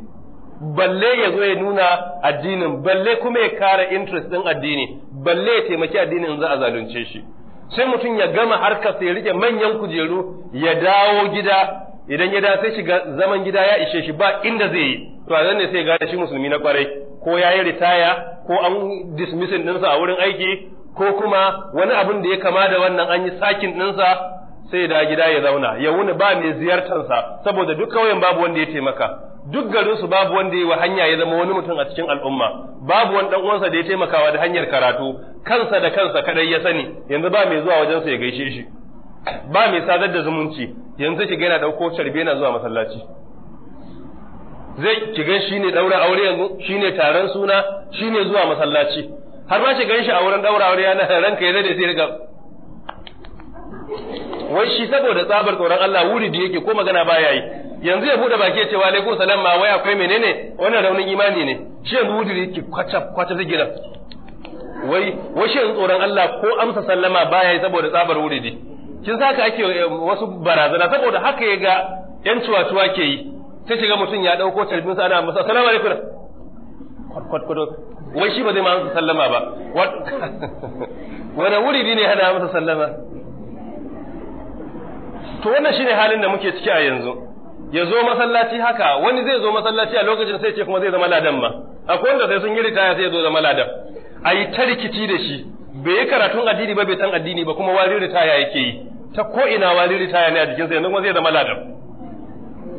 balle ya zo ya nuna addinin balle kuma ya kare interest din addini balle ya taimaki addinin za a zalunce shi sai mutum ya gama harkar sai ya rike manyan kujeru ya dawo gida idan ya da sai shiga zaman gida ya ishe shi ba inda zai yi to a ne sai gane shi musulmi na kwarai ko ya yi ritaya ko an dismissing dinsa a wurin aiki ko kuma wani abin da ya kama da wannan an yi sakin ɗinsa sai da gida ya zauna ya wuni ba mai ziyartarsa saboda duk kauyen babu wanda ya taimaka duk garinsu babu wanda ya hanya ya zama wani mutum a cikin al'umma babu wani dan uwansa da ya taimakawa da hanyar karatu kansa da kansa kadai ya sani yanzu ba mai zuwa wajensa ya gaishe shi ba mai sadar da zumunci yanzu ki yana dauko carbe na zuwa masallaci zai ki gan ne daura aure yanzu ne taron suna shi ne zuwa masallaci har ba shi gan shi a wurin daura aure yana ranka ya zade sai riga wai shi saboda tsabar tsoron Allah wuri da yake ko magana baya yi yanzu ya bude baki ya ce wa alaikum salam ma wai akwai menene wannan raunin imani ne shi yanzu wuri da yake kwacha kwacha da gidan wai wai shi tsoron Allah ko amsa sallama baya yayi saboda tsabar wuri da kin saka ake eh, wasu barazana saboda haka ya ga yan cuwa-cuwa ke yi sai shiga mutum ya dauko tarbin sa ana masa assalamu alaikum kwatkwado wai shi ba zai ma masa sallama ba (laughs) wani wuri ne hana masa sallama to wannan shine halin da muke ciki a yanzu ya zo masallaci haka wani zai zo masallaci a lokacin sai ce kuma zai zama ladan ma akwai wanda sai sun yi ritaya sai ya zo zama ladan a yi ta rikici da shi bai yi karatun addini ba bai san addini ba kuma wari ritaya yake yi ta ko ina wari ritaya ne a jikinsa yanzu kuma zai zama ladan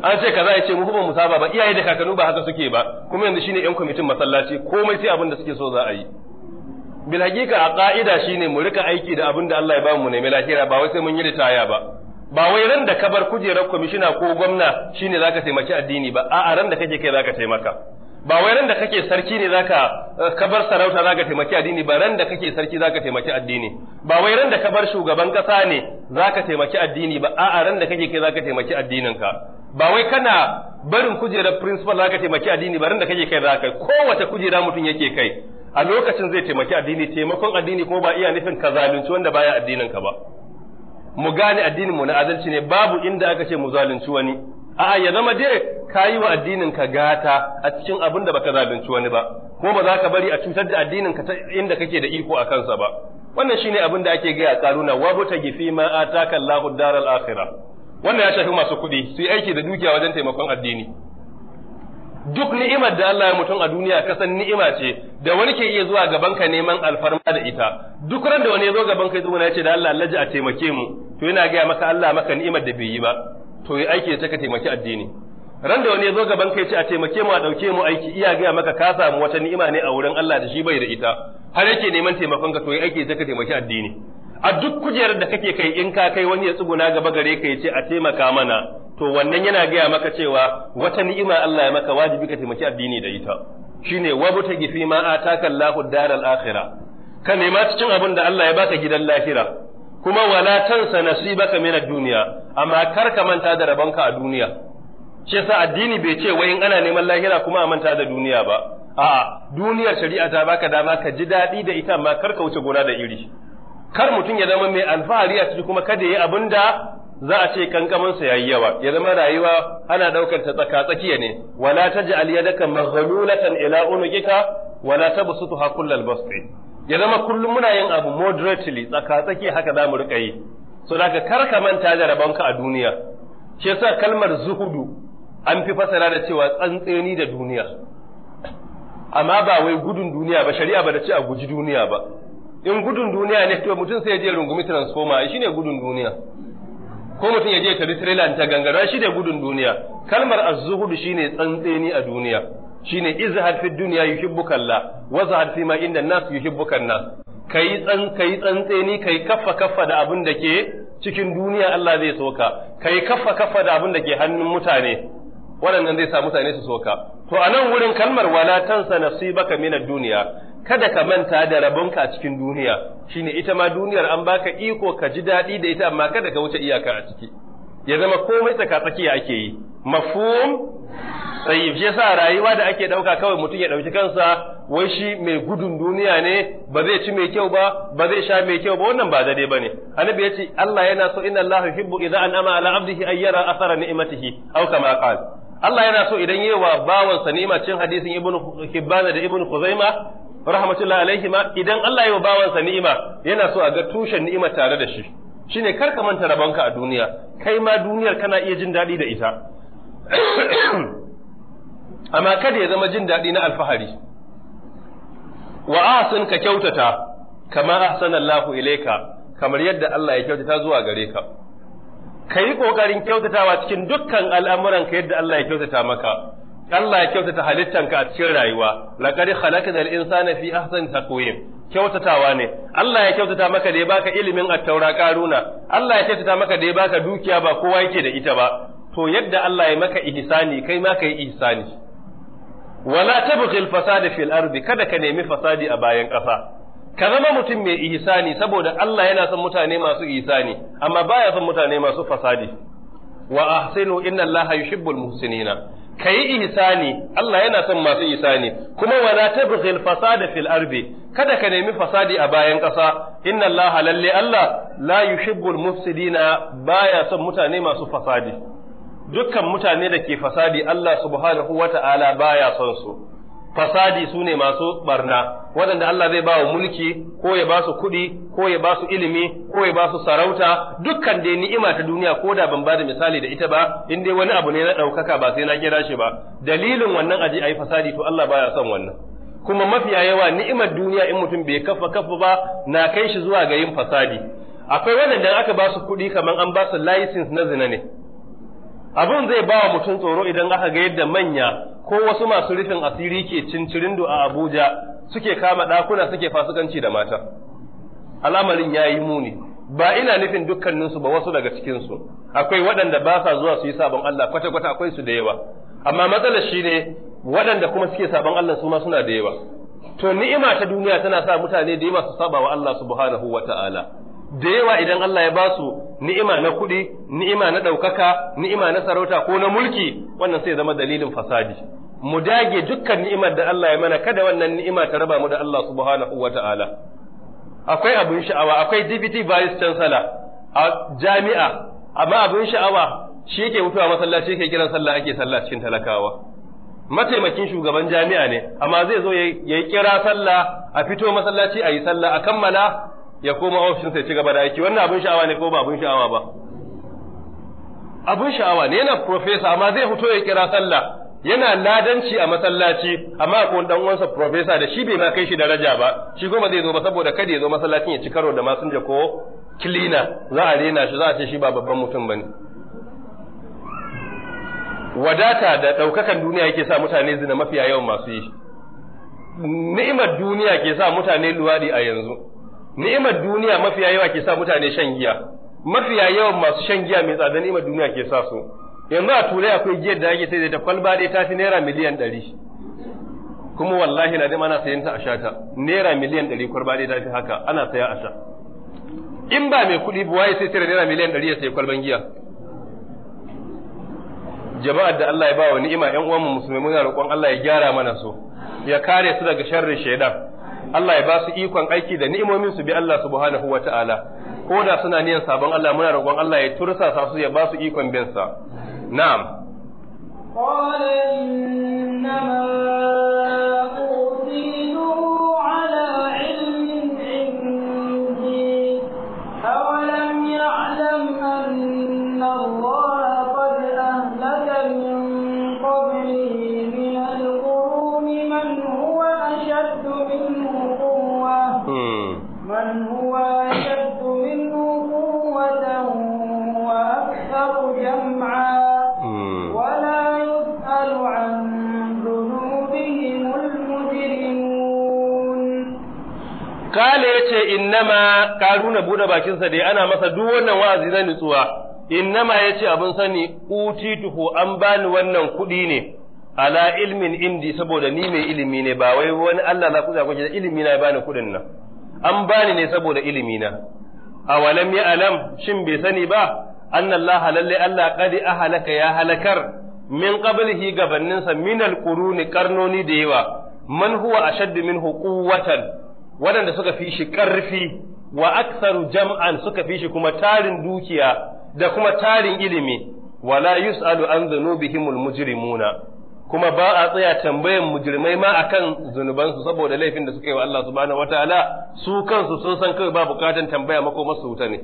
an ce kaza ya ce mu ba mu saba ba iyaye da kakannu ba haka suke ba kuma yanzu shine yan kwamitin masallaci komai sai abin da suke so za a yi bil hakika a qa'ida shine mu rika aiki da abin da Allah ya ba mu nemi lahira ba wai sai mun yi ritaya ba ba wai ran da ka bar kujerar kwamishina ko gwamna shine zaka taimaki addini ba a'a ran da kake kai zaka taimaka ba wai ran da kake sarki ne zaka eh, ka bar sarauta zaka taimaki addini ba ran da kake sarki zaka taimaki addini ba wai ran da ka bar shugaban kasa ne zaka taimaki addini ba a'a ran da kake kai zaka taimaki addinin ka ba wai kana barin kujerar principal zaka taimaki addini barin da kake kai za kai kowace kujera mutum yake kai a lokacin zai taimaki addini taimakon addini kuma ba iya nufin ka zalunci wanda baya addinin ka ba mu gane addinin mu na adalci ne babu inda aka ce mu zalunci wani a ya zama dai yi wa addinin ka gata a cikin abin da baka zalunci wani ba kuma ba za ka bari a cutar da addinin ka inda kake da iko a kansa ba wannan shine abin da ake gaya karuna wa buta gifi ma ataka Allahu daral akhirah wannan ya shafi masu kuɗi su yi aiki da dukiya wajen taimakon addini duk ni'imar da Allah ya mutum a duniya kasan ni'ima ce da wani ke iya zuwa gaban ka neman alfarma da ita duk ran da wani ya zo gaban kai zuwa ya ce da Allah laji a taimake mu to yana gaya maka Allah maka ni'imar da bai yi ba to yi aiki da ka taimaki addini ran da wani ya zo gaban kai ce a taimake mu a dauke mu aiki iya gaya maka ka samu wata ni'ima ne a wurin Allah da shi bai da ita har yake neman taimakon ka to yi aiki da ka taimaki addini a duk kujerar da kake kai in ka kai wani ya tsuguna gaba gare ka ce a taimaka mana to wannan yana gaya maka cewa wata ni'ima Allah ya maka wajibi ka taimaki addini da ita shine wabuta gifi ma ataka Allahu daral akhirah ka nema cikin abin da Allah ya baka gidan lahira kuma wala tansa nasibaka min ad-dunya amma kar ka manta da rabonka a duniya shi yasa addini bai ce wai in ana neman lahira kuma a manta da duniya ba a'a duniyar shari'a ta baka dama ka ji daɗi da ita amma kar ka wuce gona da iri kar mutum ya zama mai alfahari a ciki kuma kada ya yi abin da za a ce kankaminsa ya yi yawa ya zama rayuwa ana ɗaukar ta tsaka tsakiya ne wala taj'al yadaka maghlulatan ila unukika, wala ta kullal basti ya zama kullum muna yin abu moderately tsaka tsakiya haka za mu rika yi so daga kar ka manta da rabonka a duniya shi yasa kalmar zuhudu an fi fasara da cewa tsantseni da duniya amma ba wai gudun duniya ba shari'a ba da ce a guji duniya ba in gudun duniya ne to mutum sai ya je rungumi transformer shi ne gudun duniya ko mutum ya je ta trailer ta gangara shi ne gudun duniya kalmar az-zuhud shine tsantseni a duniya shine izhar fi dunya Allah wa zahar fi ma inda nas yuhibbuka nas kai tsan kai tsantseni kai kaffa kaffa da abin da ke cikin duniya Allah zai soka kai kaffa kaffa da abin da ke hannun mutane waɗannan zai sa mutane su soka to anan wurin kalmar wala tansa nasibaka minad duniya kada ka manta da rabonka a cikin duniya shine ita ma duniyar an baka iko ka ji daɗi da ita amma kada ka wuce iyaka a ciki ya zama komai tsakiya ake yi mafhum tayyib shi yasa rayuwa da ake ɗauka kawai mutum ya ɗauki kansa wai shi mai gudun duniya ne ba zai ci mai kyau ba ba zai sha mai kyau ba wannan ba daidai bane annabi ya ce Allah yana so inna Allah yuhibbu idza an'ama ala abdihi yara athara ni'matihi aw kama qala Allah yana so idan yi wa bawansa ni'ima cin hadisin Ibnu Hibban da Ibnu Khuzaimah rahmatullahi alaihi ma idan Allah ya bawansa ni'ima yana so a ga tushen ni'ima tare da shi shine kar ka manta rabonka a duniya kai ma duniyar kana iya jin daɗi da ita (coughs) amma kada ya zama jin daɗi na alfahari wa asin ka kyautata kama ahsanallahu ilaika kamar yadda Allah ya kyautata zuwa gare ka ka yi kyautatawa cikin dukkan al'amuran ka yadda Allah ya kyautata maka Allah ya kyautata halittanka a cikin rayuwa laqad khalaqnal insana fi ahsani taqwim kyautatawa ne Allah ya kyautata maka da ya baka ilimin at-taura karuna Allah ya kyautata maka da ya baka dukiya ba kowa yake da ita ba to yadda Allah ya maka ihsani kai ma kai ihsani wala tabghil fasada fil ardi kada ka nemi fasadi a bayan ƙasa ka zama mutum mai ihsani saboda Allah yana son mutane masu ihsani amma baya son mutane masu fasadi wa ahsinu inna Allaha yuhibbul muhsinina ka yi ihsani Allah yana son masu ihsani kuma wala tabghil fasada fil ardi kada ka nemi fasadi a bayan ƙasa inna Allah lalle Allah la yuhibbul mufsidina baya son mutane masu fasadi dukkan mutane da ke fasadi Allah subhanahu wata'ala baya son su fasadi su ne masu barna waɗanda Allah zai ba wa mulki ko ya ba su kuɗi ko ya ba su ilimi ko ya ba su sarauta dukkan dai ni'ima ta duniya ko da ban ba da misali da ita ba in dai wani abu ne na ɗaukaka ba sai na kira shi ba dalilin wannan aji ayi fasadi to Allah baya son wannan kuma mafiya yawa ni'imar duniya in mutum bai kafa kafa ba na kai shi zuwa ga yin fasadi akwai waɗanda aka ba su kuɗi kamar an ba su license na zina ne abun zai ba wa mutum tsoro idan aka ga yadda manya ko wasu masu rufin asiri ke cincirindo a Abuja suke kama ɗakuna suke fasikanci da mata. Alamarin ya yi muni, ba ina nufin dukkaninsu ba wasu daga cikinsu, akwai waɗanda ba sa zuwa su yi sabon Allah kwata-kwata akwai su da yawa, amma matsalar shi ne waɗanda kuma suke sabon Allah su ma suna da yawa. To ni'ima ta duniya tana sa mutane da yawa su saba wa Allah subhanahu wa ta'ala. da yawa idan Allah ya ba su ni'ima na kuɗi, ni'ima na ɗaukaka, ni'ima na sarauta ko na mulki, wannan sai zama dalilin fasadi. Mu dage dukkan ni'imar da Allah ya mana kada wannan ni'ima ta raba mu da Allah subhanahu wa ta'ala. Akwai abin sha'awa, akwai deputy vice chancellor a jami'a, amma abin sha'awa shi yake mutuwa masallaci yake kiran sallah ake sallah cikin talakawa. Mataimakin shugaban jami'a ne, amma zai zo ya kira sallah a fito masallaci a yi sallah a kammala ya koma ofishin sai ci gaba da aiki wannan abin sha'awa ne ko ba abun sha'awa ba abin sha'awa ne yana profesa amma zai fito ya kira sallah yana ladanci a masallaci amma ko dan uwansa profesa da shi bai ma kai shi daraja ba shi goma zai zo ba saboda kada ya zo masallacin ya ci karo da masun ko kilina za a rena shi za a ce shi ba babban mutum bane wadata da ɗaukakan duniya yake sa mutane zina mafiya yawan masu yi ni'imar duniya ke sa mutane luwadi a yanzu ni'imar duniya mafiya yawa ke sa mutane shan giya mafiya yawan masu shan giya mai tsada ni'imar duniya ke sa su yanzu a turai akwai giyar da ake sai da ta kwalba ɗaya ta fi naira miliyan ɗari kuma wallahi na dai ana sayan ta a shata naira miliyan ɗari kwalba ɗaya ta fi haka ana saya a sha in ba mai kuɗi ba waye sai da naira miliyan ɗari ya sayi kwalban giya jama'ar da Allah ya ba wa ni'ima ƴan uwan musulmai muna roƙon Allah ya gyara mana su ya kare su daga sharrin shaidan Allah ya ba su ikon aiki da ni'imomin su bi Allah subhanahu ta'ala, ko da suna niyan sabon Allah muna roƙon Allah ya tursasa su ya ba su ikon bin sa na'am قال إنما أوتيته على علم عندي أولم يعلم أن الله kale yace innama karuna bude bakinsa dai ana masa duk wannan wa'azi na nutsuwa innama yace abin sani utituhu an bani wannan kuɗi ne ala ilmin indi saboda ni mai ilimi ne ba wai wani Allah na kuɗa da ilimi na bani kuɗin nan an bani ne saboda ilimi na awalam ya alam shin bai sani ba anna Allah lalle Allah kadi ahalaka ya halakar min qablihi sa min alquruni karnoni da yawa man huwa ashaddu minhu quwwatan waɗanda suka fi shi ƙarfi wa aksaru jam'an suka fi shi kuma tarin dukiya da kuma tarin ilimi wala yus'alu an dhunubihimul mujrimuna kuma ba a tsaya tambayan mujrimai ma akan zunubansu saboda laifin da suka yi wa Allah subhanahu wataala su kansu sun san kai ba bukatan tambaya mako masu wuta ne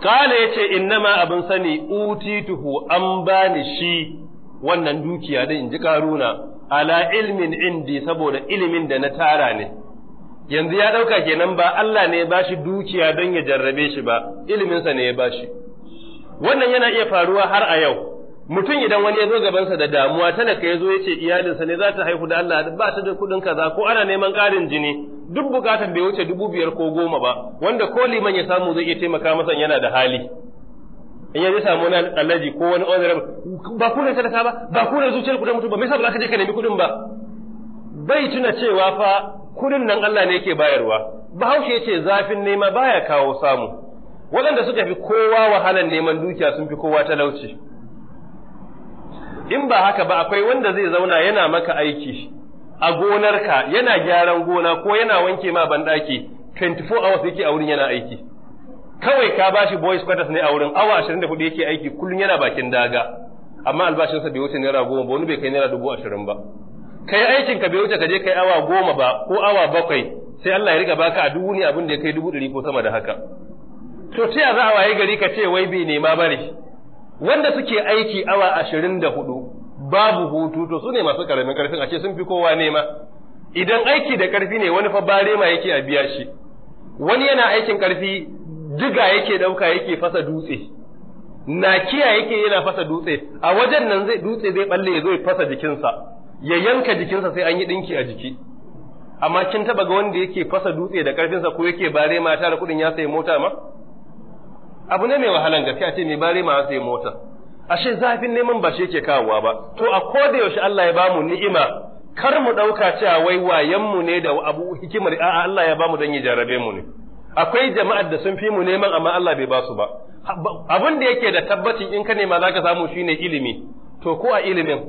Kale yace innama abin sani utituhu an bani shi wannan dukiya in ji karuna ala ilmin indi saboda ilimin da na tara ne yanzu ya ɗauka kenan ba Allah ne ya bashi dukiya don ya jarrabe shi ba iliminsa ne ya bashi wannan yana iya faruwa har a yau mutum idan wani ya zo gabansa da damuwa talaka ya zo ya ce iyalinsa ne za ta haihu da Allah ba ta da kuɗin kaza ko ana neman ƙarin jini duk bukatan bai wuce dubu biyar ko goma ba wanda ko liman ya samu zai iya taimaka masa yana da hali in ya je samu wani alaji ko wani honorable ba ku ne sadaka ba ba ku ne zuciyar kudin mutum ba me yasa ba ka je ka nemi kuɗin ba bai tuna cewa fa kuɗin nan Allah ne yake bayarwa bahaushe ya ce zafin nema baya kawo samu waɗanda suka fi kowa wahalar neman dukiya sun fi kowa talauci in ba haka ba akwai wanda zai zauna yana maka aiki a gonarka yana gyaran gona ko yana wanke ma banɗaki 24 hours yake a wurin yana aiki kawai ka ba shi boys quarters ne a wurin awa 24 yake aiki kullun yana bakin daga amma albashinsa bai wuce naira goma ba wani bai kai naira dubu ashirin ba kai aikin ka bai wuce ka je kai awa goma ba ko awa bakwai sai Allah ya riga baka a dubu ne abin da ya kai dubu ɗari ko sama da haka to ta za a waye gari ka ce wai bai nema bare. wanda suke aiki awa ashirin da hudu babu hutu to su ne masu karamin karfin a ce sun fi kowa nema idan aiki da karfi ne wani fa barema yake a biya shi wani yana aikin karfi diga yake ɗauka yake fasa dutse nakiya yake yana fasa dutse a wajen nan zai dutse zai balle ya zo ya fasa jikinsa ya yanka jikinsa sai an yi ɗinki a jiki amma kin taba ga wanda yake fasa dutse da karfinsa ko yake bare ma da kuɗin ya sayi mota ma abu ne mai wahalan gaskiya ce mai bare ma ya sayi mota ashe zafin neman ba shi yake kawowa ba to a koda yaushe Allah ya bamu ni'ima kar mu ɗauka cewa wai mu ne da abu hikimar a'a Allah ya bamu dan ya jarabe mu ne akwai jama'ar da sun fi mu neman amma Allah bai ba su ba abin da yake da tabbacin in ka nema zaka samu shine ilimi to ko a ilimin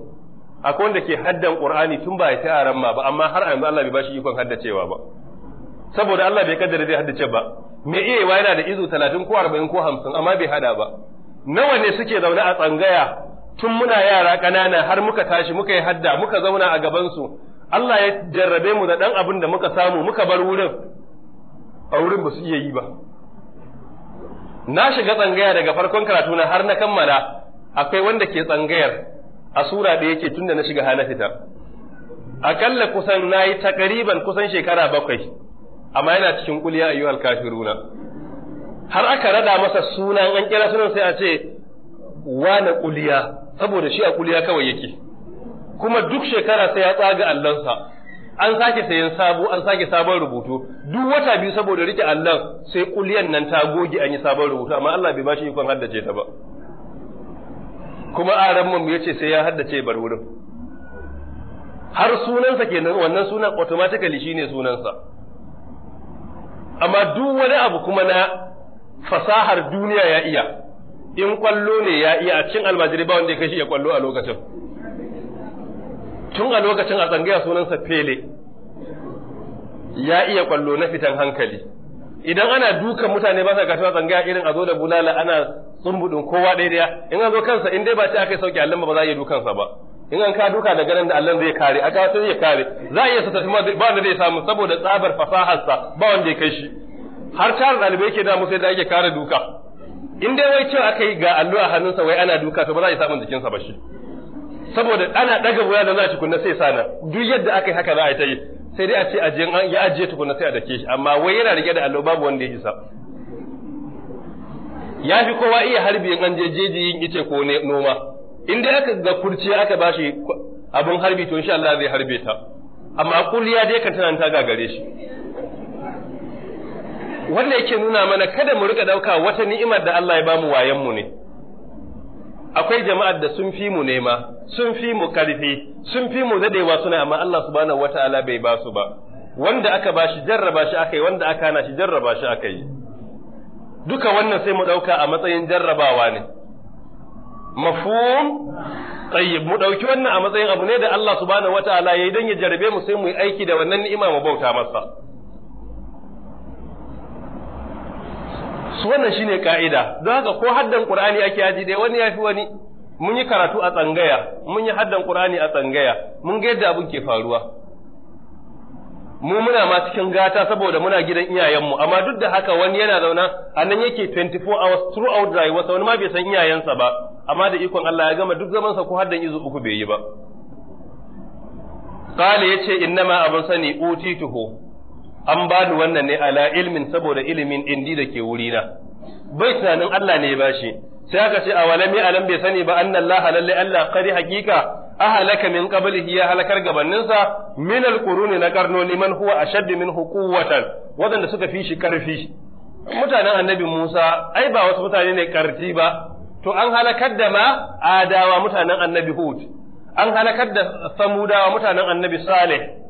akwai wanda ke haddan Qur'ani tun ba ya ta aran ma ba amma har a yanzu Allah bai ba shi ikon haddacewa ba saboda Allah bai kaddara zai haddace ba me iya yawa yana da izu 30 ko 40 ko 50 amma bai hada ba nawa ne suke zaune a tsangaya tun muna yara ƙanana har muka tashi muka yi hadda muka zauna a gaban su Allah ya jarrabe mu da dan abin da muka samu muka bar wurin a wurin ba su iya yi ba na shiga tsangaya daga farkon karatu na har na kammala akwai wanda ke tsangayar a sura da yake tunda na shiga hana fitar akalla kusan na yi takariban kusan shekara bakwai amma yana cikin kuliya ayyuhal runa. har aka rada masa sunan an kira sunan sai a ce na kuliya saboda shi a kuliya kawai yake kuma duk shekara sai ya tsaga allansa an sake sayan sabo an sake sabon rubutu duk wata biyu saboda rike Allah sai kuliyan nan ta goge an yi sabon rubutu amma Allah bai bashi ikon haddace ta ba kuma aran mu yace sai ya haddace bar wurin har sunansa kenan wannan sunan automatically shine sunansa amma duk wani abu kuma na fasahar duniya ya iya in kwallo ne ya iya a cikin almajiri ba wanda ya kashi ya kwallo a lokacin tun a lokacin a tsangaya sunansa fele ya iya kwallo na fitan hankali idan ana dukan mutane ba sa a tsangaya irin a zo da bulala ana tsumbudin kowa ɗaya in an zo kansa in dai ba ta aka yi sauki allon ba za a yi dukansa ba in an ka duka da ganin da allan zai kare a wata zai kare za a iya sa tafi ba wanda zai samu saboda tsabar fasaharsa ba wanda ya kai shi har tara ɗalibai ke da musu da ake kare duka in dai wai cewa aka yi ga allo a hannunsa wai ana duka to ba za a yi samun jikinsa ba shi saboda ana daga wuya da za a tukunna sai sana duk yadda aka yi haka za a ta yi sai dai a ce ajiye an ya ajiye tukunna sai a dake shi amma wai yana rike da allo babu wanda ya isa ya fi kowa iya harbi yin an je jeji yin ice ko noma in dai aka ga kurci aka bashi abun harbi to insha Allah zai harbe ta amma kuliya dai kan tana ta gagare shi wannan yake nuna mana kada mu rika dauka wata ni'imar da Allah ya bamu wayan mu ne akwai jama'ar da sun fi mu nema sun fi mu karfi sun fi mu dadewa suna amma Allah subhanahu wataala bai ba su ba wanda aka ba shi jarraba shi aka yi wanda aka hana shi jarraba shi aka yi duka wannan sai mu dauka a matsayin jarrabawa ne mafhum tayyib mu dauki wannan a matsayin abu ne da Allah subhanahu wataala yi dan ya jarrabe mu sai mu yi aiki da wannan ni'ima mu bauta masa su wannan ne ka'ida don haka ko haddan qur'ani ake yaji dai wani ya fi wani mun yi karatu a tsangaya mun yi haddan qur'ani a tsangaya mun ga yadda abin ke faruwa mu muna ma cikin gata saboda muna gidan iyayenmu amma duk da haka wani yana zauna a nan yake 24 hours throughout rayuwarsa wani ma bai san iyayensa ba amma da ikon Allah ya gama duk zamansa ko haddan izu uku bai yi ba Kale ya ce, Innama abin sani, utituhu, an ba ni wannan ne ala ilmin saboda ilimin indi da ke wurina bai tunanin Allah ne bashi sai aka ce a walami alam bai sani ba annan Allah lalle Allah qadi hakika ahalaka min qablihi ya halakar gabaninsa min alquruni na karnoni man huwa ashadd minhu quwwatan wadanda suka fi shi karfi mutanen annabi Musa ai ba wasu mutane ne karfi ba to an halakar da ma adawa mutanen annabi Hud an halakar da samudawa mutanen annabi Saleh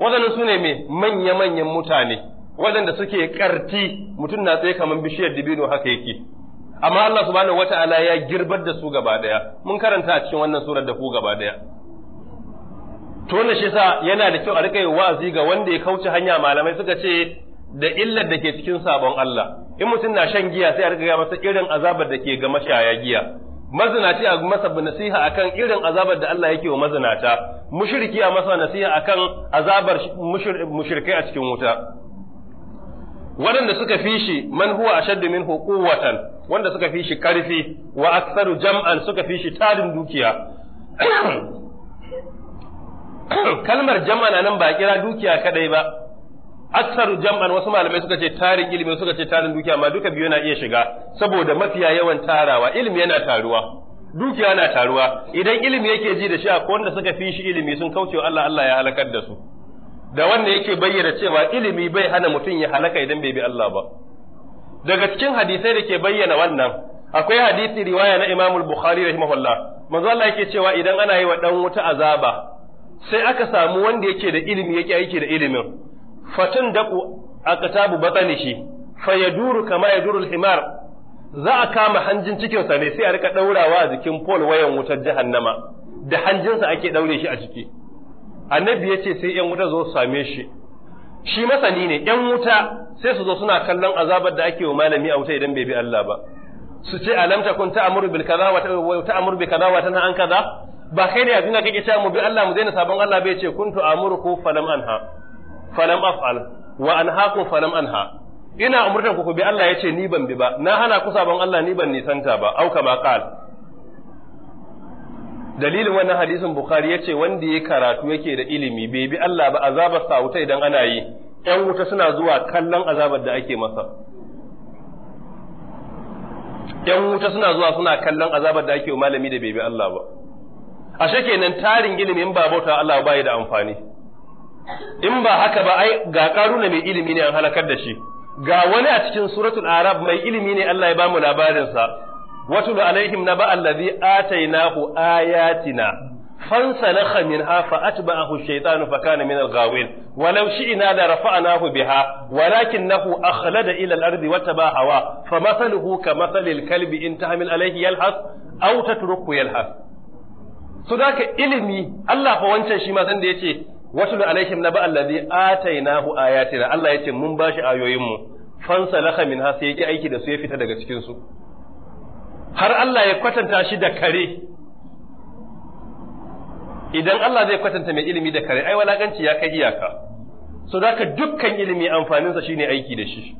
waɗannan su ne mai manya-manyan mutane waɗanda suke ƙarti mutum na tsaye kamar bishiyar dibino haka yake amma Allah subhanahu ala ya girbar da su gaba ɗaya mun karanta a cikin wannan surar da ku gaba ɗaya to shi sa yana da kyau a rika yin wa'azi ga wanda ya kauce hanya malamai suka ce da illar da ke cikin sabon Allah in mutum na shan giya sai a rika masa irin azabar da ke ga mashaya giya mazinaci a masa nasiha akan irin azabar da Allah yake wa mazinata mushriki a masa nasiha akan azabar mushrikai a cikin wuta waɗanda suka fi shi man huwa ashaddu minhu quwwatan wanda suka fi shi karfi wa aktsaru jam'an suka fi shi tarin dukiya (coughs) kalmar jam'a nan ba kira dukiya kadai ba aksaru jam'an wasu malamai suka ce tarin ilimi suka ce tarin dukiya amma duka biyu na iya shiga saboda mafiya yawan tarawa ilimi yana taruwa dukiya na taruwa idan ilimi yake ji da shi akwai wanda suka fi shi ilimi sun kauce wa Allah Allah ya halakar da su da wanda yake bayyana cewa ilimi bai hana mutum ya halaka idan bai bi Allah ba daga cikin hadisai da ke bayyana wannan akwai hadisi riwaya na Imam Bukhari rahimahullah manzo Allah yake cewa idan ana yi wa dan wuta azaba sai aka samu wanda yake da ilimi yake aiki da ilimin fatun daqu aqtabu batanishi fayaduru kama yaduru al-himar za a kama hanjin cikinsa ne sai a rika ɗaurawa a jikin pole wayan wutar jahannama da hanjinsa ake ɗaure shi a ciki annabi ya ce sai ‘yan wuta zo su same shi shi masani ne ‘yan wuta sai su zo suna kallon azabar da ake wa malami a wuta idan bai bi Allah ba su ce alam takun ta'muru bil kaza wa ta'muru bi kaza wa tanha an kaza ba kai ne a da kake cewa mu bi Allah mu daina sabon Allah bai ce kuntu ku falam anha falam af'al wa anhaakum falam anha ina umurtan ku ku bi Allah yace ni ban bi ba na hana ku sabon Allah ni ban nisanta ba au kama qal dalilin wannan hadisin bukhari yace wanda ya karatu yake da ilimi bai bi Allah ba azabar sa wuta idan ana yi ƴan wuta suna zuwa kallon azabar da ake masa ƴan wuta suna zuwa suna kallon azabar da ake wa malami da bai bi Allah ba ashe kenan tarin ilimi in ba bauta Allah ba yi da amfani in ba haka ba ai ga karuna mai ilimi ne an halakar da shi ga wani a cikin suratul arab mai ilimi ne Allah ya bamu labarinsa watul alaihim naba allazi atainahu ayatina fansalakha minha fa atba'ahu shaytanu fa kana min al-ghawin walau shi'na la rafa'nahu biha walakinahu akhlada ila al-ardi wattaba hawa famathaluhu kamathali al-kalbi in tahmil alayhi yalhas aw tatruku yalhas sudaka daka ilimi Allah fa wancan shi ma san da yace watlu alaihim naba allazi atainahu ayatina Allah yace mun bashi ayoyin mu fansalakha min ha ya yake aiki da su ya fita daga cikinsu. har Allah ya kwatanta shi da kare idan Allah zai kwatanta mai ilimi da kare ai walaganci ya kai iyaka so zaka dukkan ilimi amfaninsa shine aiki da shi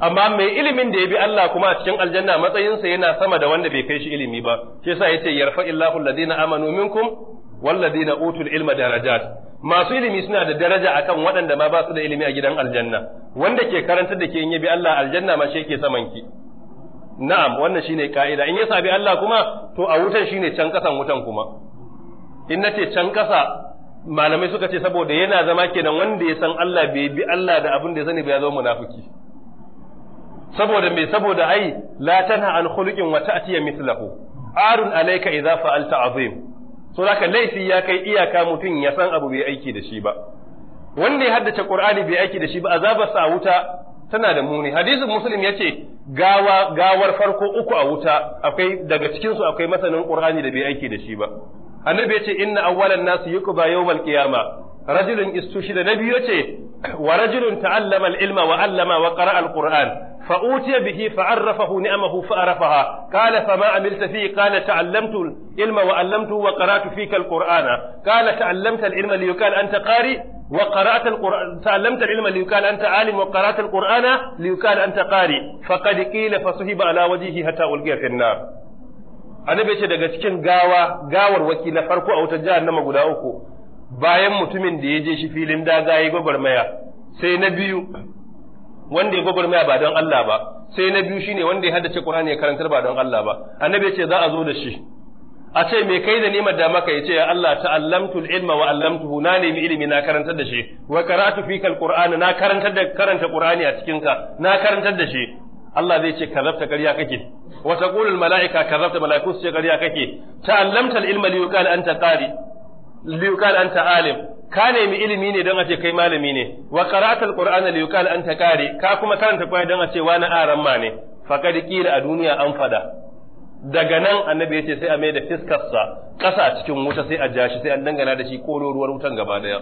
amma mai ilimin da ya bi Allah kuma a cikin aljanna matsayinsa yana sama da wanda bai kai shi ilimi ba shi yasa yace yarfa illahu alladhina amanu minkum walladina utul ilma darajat masu ilimi suna da daraja akan waɗanda ma ba su da ilimi a gidan aljanna wanda ke karantar da ke yin yabi Allah aljanna ma shi yake saman ki na'am wannan shine ka'ida in ya sabi Allah kuma to a wutan shine can kasan wutan kuma in nace can kasa malamai suka ce saboda yana zama kenan wanda ya san Allah bai bi Allah da abin da ya sani ba ya zama munafiki saboda me saboda ai la tanha an khuluqin wa ta'tiya mithlahu arun alayka idza fa'alta azim so zaka laifi ya kai iyaka mutum ya san abu bai aiki da shi ba wanda ya haddace qur'ani bai aiki da shi ba azabar sa wuta tana da muni hadisin muslim ce gawa gawar farko uku a wuta akwai daga cikin su akwai masanin qur'ani da bai aiki da shi ba annabi yace inna awwalan nasu yuqba yawmal qiyamah rajulun istushida na biyu yace wa rajulun ta'allama al-ilma wa 'allama wa qara'a al-Qur'an fa utiya bihi fa 'arrafahu ni'amahu fa arafaha qala fa ma amilta fihi qala ta'allamtu al-ilma wa 'allamtu wa qara'tu fika al-Qur'ana qala ta'allamta al-ilma li yukal anta qari wa qara'ta al-Qur'an ta'allamta al-ilma li yukal anta 'alim wa qara'ta al-Qur'ana li yukal anta qari faqad qila fa suhiba ala wajhihi hatta ulqiya fi an-nar annabi ce daga cikin gawa gawar waki na farko a wutar nama guda uku bayan mutumin da ya je shi filin daga ya gwagwarmaya sai na biyu wanda ya gwagwarmaya ba don Allah ba sai na biyu shine wanda ya haddace Qur'ani ya karantar ba don Allah ba annabi ce za a zo da shi a ce me kai da nimar da maka yace ya Allah ta'allamtu ilma wa 'allamtuhu na nemi ilimi na karantar da shi wa qara'tu fika al na karantar da karanta Qur'ani a cikin ka na karantar da shi Allah zai ce kazabta ƙarya kake wa taqulu al-mala'ika kazabta mala'iku su ce ƙarya kake ta'allamta al-ilma li yuqal anta qari liyukal anta alim ka nemi ilimi ne don a ce kai malami ne wa qara'atul qur'ana liyukal anta qari ka kuma karanta qur'ani don a ce wani aran ma ne faqad qila a duniya an fada daga nan annabi yace sai a mai da sa ƙasa cikin wuta sai a jashi sai an dangana da shi ko ruwar wutan gaba daya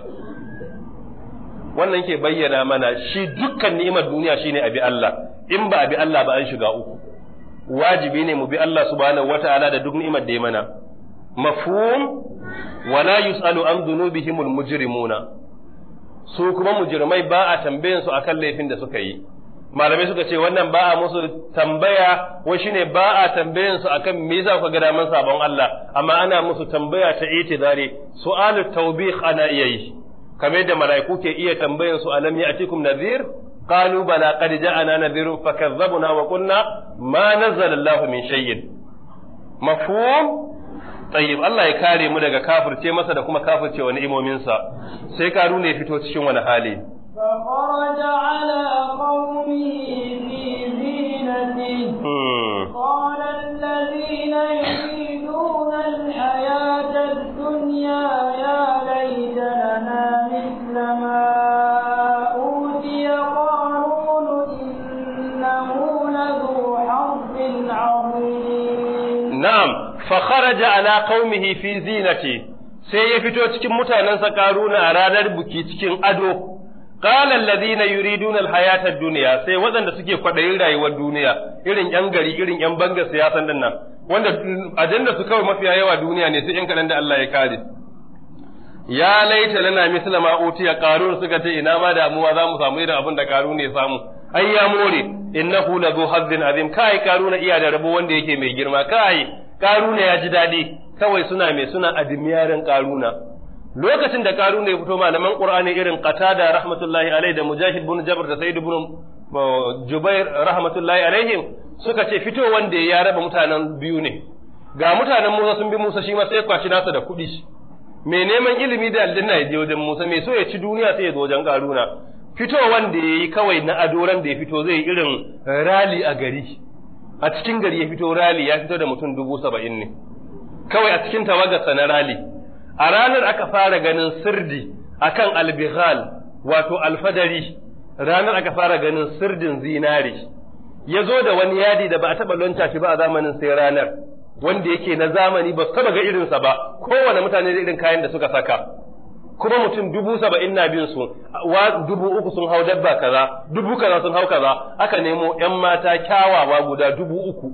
wannan ke bayyana mana shi dukkan ni'imar duniya shine abi Allah in ba abi Allah ba an shiga uku wajibi ne mu bi Allah subhanahu wataala da duk ni'imar da ya mana mafhum wala yus'alu an dhunubihimul mujrimuna su kuma mujrimai ba a su akan laifin da suka yi malamai suka ce wannan ba a musu tambaya wa shine ba a su akan me yasa kuka gada man sabon Allah amma ana musu tambaya ta itidari su'alu tawbih ana iya yi kamar yadda mala'iku ke iya tambayan su alam ya'tikum nadhir qalu bala qad ja'ana nadhirun fakazzabna wa qulna ma nazzala Allahu min shay'in mafhum tayyib Allah ya kare mu daga kafirce masa da kuma kafirce wa imominsa, sai karuna ya fito cikin wani hali فخرج على قومه في زينته hmm. قال fa kharaja ala qaumihi fi zinati sai ya fito cikin mutanensa karuna a ranar buki cikin ado qala alladhina yuriduna alhayata ad-dunya sai waɗanda suke kwaɗayin rayuwar duniya irin yan gari irin yan banga siyasan din nan wanda ajanda su kawai mafiya yawa duniya ne sai yan kadan da Allah ya kare ya laita lana misla ma utiya qarun suka ce ina ma damuwa za mu samu irin abin da qarun ne samu ayya more innahu la zu azim kai qarun iya da rabo wanda yake mai girma kai karuna ya ji daɗi kawai suna mai suna admiyarin karuna lokacin da karuna ya fito malaman qur'ani irin qatada rahmatullahi alaihi da mujahid bin jabr da saidu bin uh, jubair rahmatullahi alaihim suka ce fito wanda ya raba mutanen biyu ne ga mutanen Musa sun bi Musa shi ma sai kwashi nasa da kuɗi mai neman ilimi da aljanna ya je wajen Musa mai so ya ci duniya sai ya zo wajen karuna fito wanda ya yi kawai na adoran da ya fito zai irin rali a gari a cikin gari ya fito rali ya fito da mutum dubu saba'in ne kawai a cikin tawagarsa na rali a ranar aka fara ganin sirdi a akan albihal wato alfadari ranar aka fara ganin sirdin zinari ya zo da wani yadi da ba a taɓa lonta shi ba a zamanin sai ranar wanda yake na zamani ba su taɓa ga irinsa ba kowane mutane da irin kayan da suka saka kuma mutum dubu saba'in na bin su wa dubu uku sun hau dabba kaza dubu kaza sun hau kaza aka nemo yan mata kyawawa guda dubu uku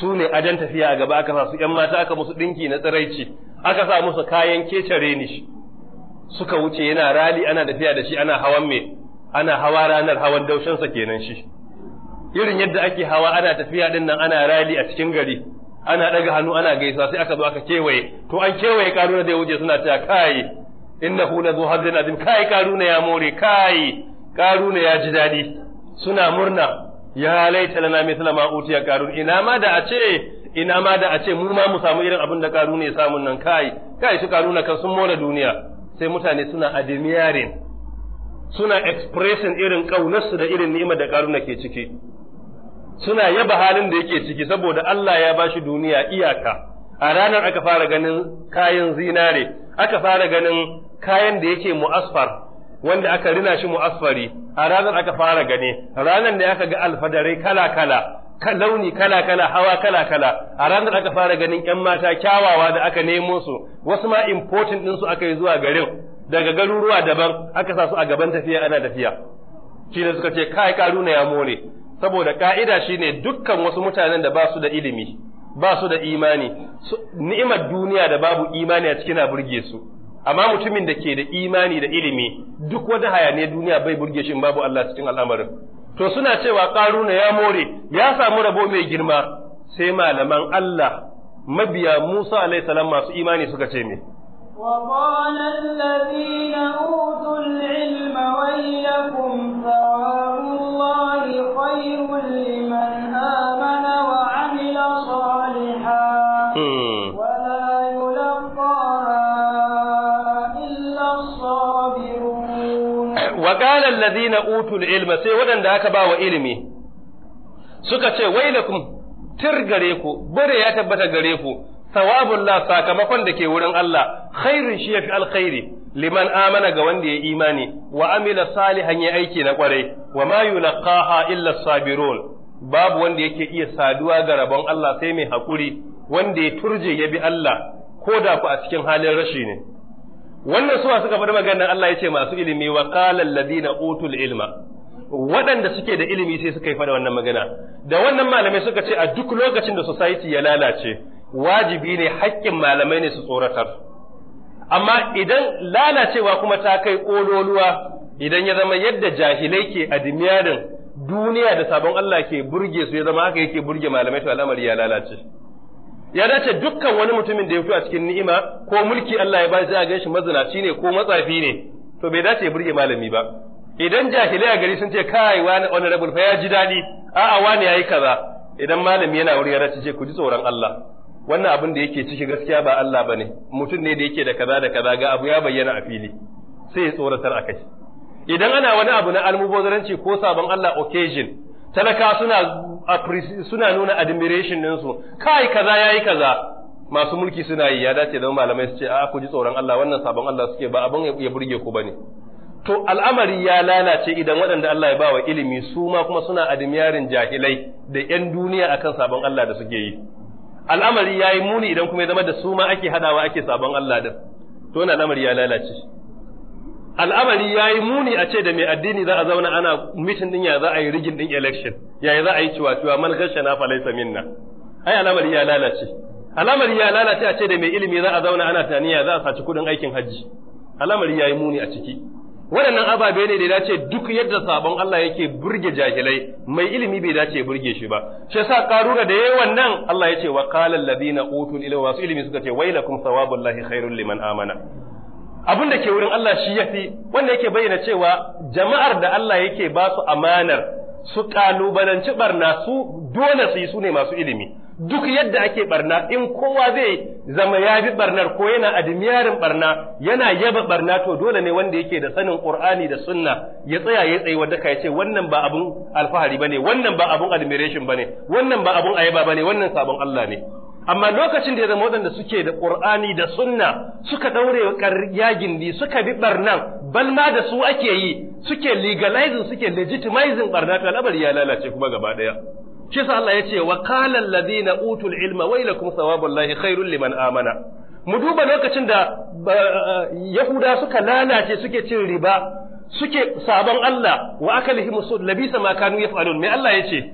su ne adan tafiya a gaba aka sa su yan mata aka musu dinki na tsiraici aka sa musu kayan kecare ni suka wuce yana rali ana tafiya da shi ana hawan me ana hawa ranar hawan daushinsa kenan shi irin yadda ake hawa ana tafiya din nan ana rali a cikin gari ana daga hannu ana gaisa sai aka zo aka kewaye to an kewaye karuna da ya wuce suna ta kai innahu la zuhabdin azim kai karuna ya more kai karuna ya ji dadi suna murna ya laita lana mithla ma utiya karun ina ma da a ce ina ma da a ce mu ma mu samu irin abin da karuna ya samu nan kai kai su karuna kan sun more duniya sai mutane suna admiring suna expressing irin kaunarsu da irin ni'imar da karuna ke ciki suna yaba halin da yake ciki saboda Allah ya bashi duniya iyaka a ranar aka fara ganin kayan zinare aka fara ganin kayan da yake mu'asfar wanda aka rina shi mu'asfari a ranar aka fara gane ranar da aka ga alfadarai kala-kala launi kala-kala hawa kala-kala a ranar aka fara ganin yan mata kyawawa da aka nemo su wasu ma important din su aka yi zuwa garin daga garuruwa daban aka sa su a gaban tafiya ana tafiya shi ne suka ce kai karuna ya more saboda ka'ida shine dukkan wasu mutanen da ba su da ilimi ba su da imani ni'imar duniya da babu imani a cikin a burge su amma mutumin da ke da imani da ilimi duk wani hayaniyar duniya bai burge shi babu Allah cikin al'amarin to suna cewa karuna ya more ya samu rabo mai girma sai malaman Allah mabiya Musa alaihi salam masu imani suka ce me وقال الذين أوتوا العلم ويلكم ثواب الله خير لمن آمن وعمل صالحا wa qala allazina utul ilma sai waɗanda aka ba wa ilimi suka ce Wai wailakum tir gare ku bare ya tabbata gare ku la sakamakon da ke wurin Allah khairin shi yafi alkhairi liman amana ga wanda ya imani wa amila salihan ya aiki na kwarai wa ma yulqaha illa sabirun babu wanda yake iya saduwa ga rabon Allah sai mai hakuri wanda ya turje ya bi Allah ko da ku a cikin halin rashi ne wannan suwa suka faɗi maganar Allah ya ce masu ilimi wa qala alladhina utul ilma waɗanda suke da ilimi sai suka yi faɗa wannan magana da wannan malamai suka ce a duk lokacin da society ya lalace wajibi ne haƙƙin malamai ne su tsoratar amma idan lalacewa kuma ta kai ƙololuwa idan ya zama yadda jahilai ke adimiyarin duniya da sabon Allah ke burge su ya zama haka yake burge malamai to al'amari ya lalace ya dace dukkan wani mutumin da ya fito a cikin ni'ima ko mulki Allah ya ba zai a ganshi mazinaci ne ko matsafi ne to bai dace ya burge malami ba idan jahilai a gari sun ce kai wani honorable fa ya ji daɗi a'a wani yi kaza idan malami yana wuri ya dace ce ku ji tsoron Allah wannan abin da yake ciki gaskiya ba Allah ne. mutum ne da yake da kaza da kaza ga abu ya bayyana a fili sai ya tsoratar a kai idan ana wani abu na almubazaranci ko sabon Allah occasion talaka suna suna nuna admiration ɗinsu kai kaza yayi kaza masu mulki suna yi ya dace da malamai su ce a ku ji tsoron Allah wannan sabon Allah suke ba abin ya burge ku bane to al'amari ya lalace idan waɗanda Allah ya bawa ilimi su ma kuma suna admiyarin jahilai da ƴan duniya akan sabon Allah da suke yi al'amari yayi muni idan kuma ya zama da su ma ake hadawa ake sabon Allah din to wannan al'amari ya lalace al'amari ya yi muni a ce da mai addini za a zauna ana mitin din ya za a yi rigin din election ya za a yi ciwa ciwa man gashe na falaisa minna ai al'amari ya lalace al'amari ya lalace a ce da mai ilimi za a zauna ana tani ya za a saci kudin aikin hajji al'amari ya yi muni a ciki waɗannan ababe ne da ya dace duk yadda sabon Allah yake burge jahilai mai ilimi bai dace burge shi ba shi yasa karura da yawan wannan. Allah ya ce wa qala alladhina utul ilma masu ilimi suka ce wailakum thawabullahi khairul liman amana abin da ke wurin Allah shi yafi wanda yake bayyana cewa jama'ar da Allah yake ba su amanar su kalubalanci barna su dole su yi su ne masu ilimi duk yadda ake barna in kowa zai zama ya bi barnar ko yana adimiyarin barna yana yaba barna to dole ne wanda yake da sanin qur'ani da sunna ya tsaya ya tsaye wanda kai ce wannan ba abun alfahari bane wannan ba abun admiration bane wannan ba abun ayaba bane wannan sabon Allah ne amma lokacin da ya zama waɗanda suke da ƙur'ani da sunna suka ɗaure yagin ne suka bi ɓarnan balma da su ake yi suke legalizing suke legitimizing ɓarna ta al'amari ya lalace kuma gaba ɗaya shi sa Allah ya ce wa qala alladhina utul ilma wailakum thawabullahi khairul liman amana mu duba lokacin da yahuda suka lalace suke cin riba suke sabon Allah wa akalihim sud labisa ma kanu yaf'alun me Allah ya ce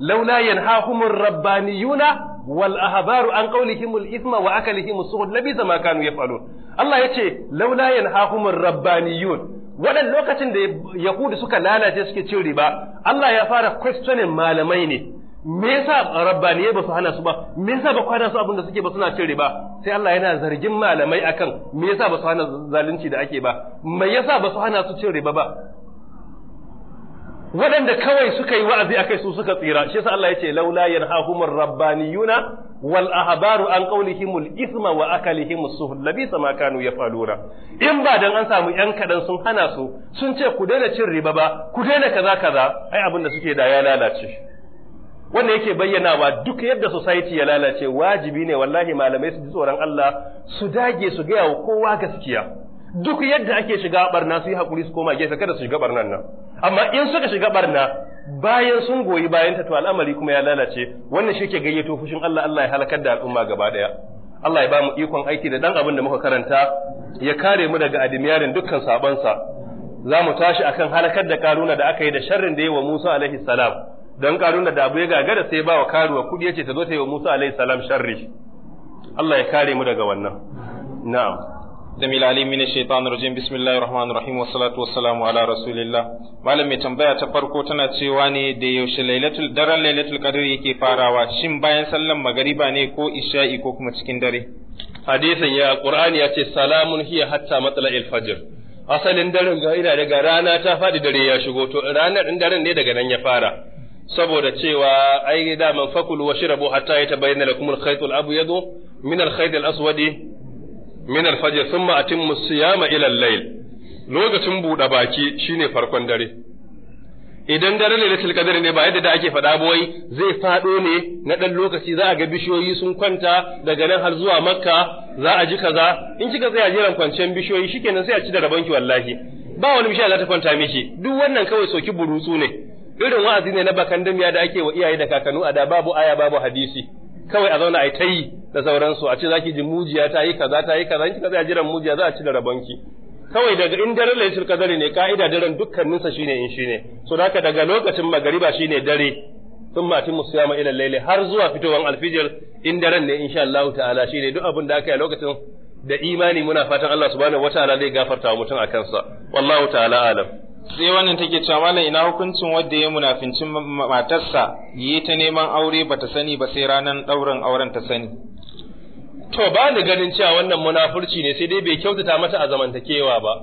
laula yanhahumur rabbaniyuna wal ahbaru an qawlihim al ithma wa akalihim as-suhud labi ma kanu yaf'alun Allah yace laula yanhahumur rabbaniyun wadan lokacin da yahudu suka lalace suke cin riba Allah ya fara questioning malamai ne me yasa rabbaniye ba su hana su ba me yasa ba kwana su abin da suke ba suna cin riba sai Allah yana zargin malamai akan me yasa ba su hana zalunci da ake ba me yasa ba su hana su cin riba ba waɗanda kawai suka yi wa'azi akai su suka tsira shi yasa Allah yace laula yanhahumur rabbaniyuna wal ahbaru an qawlihimul isma wa akalihimus suhl labi ma kanu yafaluna in ba dan an samu yan kadan sun hana su sun ce ku daina cin riba ba ku daina kaza kaza ai abin da suke da ya lalace wanda yake bayyanawa duk yadda society ya lalace wajibi ne wallahi malamai su ji tsoron Allah su dage su gaya kowa gaskiya duk yadda ake shiga barna su yi haƙuri su koma gefe kada su shiga barnan nan amma in suka shiga barna bayan sun goyi bayan ta to al'amari kuma ya lalace wannan shi ke gayyato fushin Allah Allah ya halakar da al'umma gaba daya Allah ya ba mu ikon aiki da dan abin da muka karanta ya kare mu daga adimiyarin dukkan sabansa za mu tashi akan halakar da karuna da aka yi da sharrin da yi wa Musa alaihi salam don karuna da abu ya gagara sai ba wa karuwa kudi yace ta zo ta yi wa Musa alaihi salam sharri Allah ya kare mu daga wannan na'am السميع العليم من الشيطان الرجيم بسم الله الرحمن الرحيم والصلاة والسلام على malam mai tambaya ta farko tana cewa ne da yaushe lailatul daren lailatul qadr yake farawa shin bayan sallan magariba ne ko isha'i ko kuma cikin dare hadisin ya qur'ani ya ce salamun hiya hatta matla'il fajr asalin daren ga ina daga rana ta faɗi dare ya shigo to ranar in daren ne daga nan ya fara saboda cewa ai daman fakulu washrabu hatta yatabayyana lakum al-khayt al-abyad min al-khayt al-aswadi min alfajr thumma atimmu musu ila al-layl lokacin buɗe baki shine farkon dare idan dare ne lailatul qadr ne ba yadda da ake faɗa wai zai faɗo ne na ɗan lokaci za a ga bishiyoyi sun kwanta daga nan har zuwa makka za a ji kaza in kika tsaya jiran kwanciyar bishiyoyi shikenan sai a ci da ki wallahi ba wani bishiya za ta kwanta miki duk wannan kawai soki burutsu ne irin wa'azi ne na bakan damiya da ake wa iyaye da kakanu a da babu aya babu hadisi kawai a zauna a ta yi da sauransu a ce za ki ji mujiya ta yi kaza ta yi kaza in kika tsaya jiran mujiya za a ci da rabonki kawai daga in daren lailatul qadari ne ka'ida daren dukkaninsa shine in shine so haka daga lokacin magariba shine dare sun mati musiyama ilan laili har zuwa fitowar alfijir in daren ne insha Allah ta'ala shine duk abin da aka yi lokacin da imani muna fatan Allah subhanahu ta'ala zai gafarta mutum a kansa wallahu ta'ala alam sai wannan take cewa malam ina hukuncin wanda ya munafincin matarsa yi ta neman aure bata sani ba sai ranar ɗaurin auren ta sani to ba ni ganin cewa wannan munafurci ne sai dai bai kyautata mata a zamantakewa ba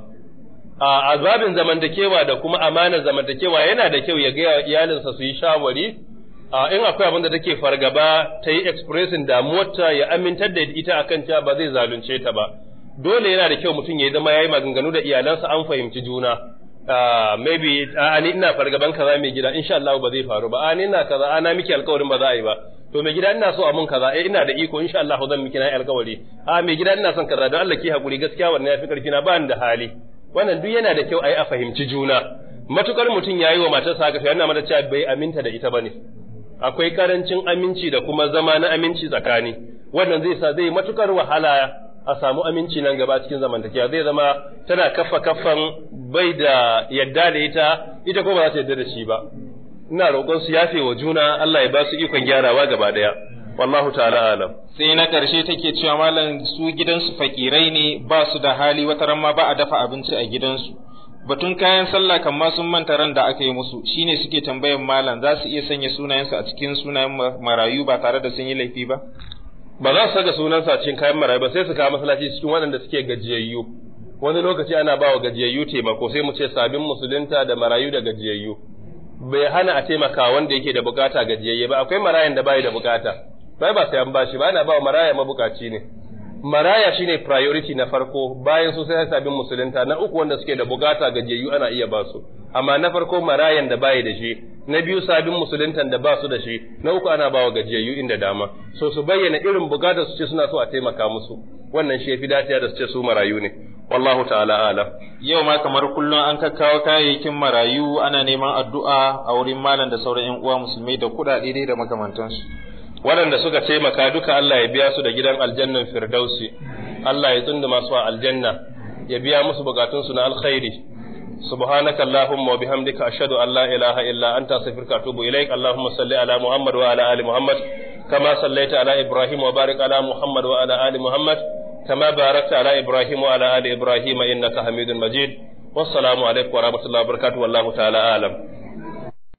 a azabin zamantakewa da kuma amanar zamantakewa yana da kyau ya gaya iyalinsa su yi shawari a in akwai abin da take fargaba ta yi expressing damuwarta ya amintar da ita akan cewa ba zai zalunce ta ba dole yana da kyau mutum ya yi zama ya yi maganganu da iyalansa an fahimci juna Ah, maybe a ah, ina fargaban kaza mai gida insha Allah ba zai faru ba a ah, ina kaza ana miki alƙawarin ba za a yi ba to mai gida ina so a mun kaza eh ina da iko insha Allah zan miki na alƙawari a mai gida ina son kaza don Allah ki hakuri gaskiya wannan yafi karfi na ba ni da hali wannan duk yana da kyau a yi a fahimci juna matukar mutum ya yi wa matarsa haka to yana mata cewa bai aminta da ita ba ne. akwai karancin aminci da kuma zama na aminci tsakani wannan zai sa zai matukar wahala a samu aminci nan gaba cikin zamantakewa zai zama tana kafa kafan bai da yadda da ita ita ko ba za ta yadda da shi ba ina roƙon su yafe wa juna Allah ya ba su ikon gyarawa gaba daya wallahu ta'ala alam sai na karshe take cewa malam su gidansu fakirai ne ba su da hali wata ran ma ba a dafa abinci a gidansu batun kayan sallah kan ma sun manta ran da aka yi musu shine suke tambayan malam za su iya sanya sunayensu a cikin sunayen marayu ba tare da sun yi laifi ba ba za su saka sunansa a cikin kayan marayu ba sai su kawo masalaci cikin waɗanda suke gajiyayyu wani lokaci ana ba wa gajiyayyu taimako sai mu ce sabin musulunta da marayu da gajiyayyu bai hana a taimaka wanda yake da bukata gajiyayye ba akwai marayan da bai da bukata bai ba sai an bashi ba ana ba wa maraya mabukaci ne maraya shine priority na farko bayan su sai sabin musulunta na uku wanda suke da bukata gajiyayyu ana iya ba su amma na farko marayan da baya da shi na biyu sabin musuluntan da ba su da shi na uku ana bawa gajiyayyu inda dama so su bayyana irin bukatar su ce suna so a taimaka musu wannan shi yafi dacewa da su ce su marayu ne wallahu ta'ala ala yau ma kamar kullum an kakkawo kayayyakin marayu ana neman addu'a a wurin malam da sauran yan uwa musulmai da kuɗaɗe da makamantansu waɗanda suka taimaka duka Allah ya biya su da gidan aljannan firdausi Allah ya tunda masu a aljanna ya biya musu bukatunsu na alkhairi subhanaka allahumma wa bihamdika ashhadu an la ilaha illa anta astaghfiruka wa atubu ilaik allahumma salli ala muhammad wa ala ali muhammad kama sallaita ala ibrahim wa barik ala muhammad wa ala ali muhammad كما باركت على إبراهيم وعلى آل إبراهيم إنك حميد مجيد والسلام عليكم ورحمة الله وبركاته والله تعالى أعلم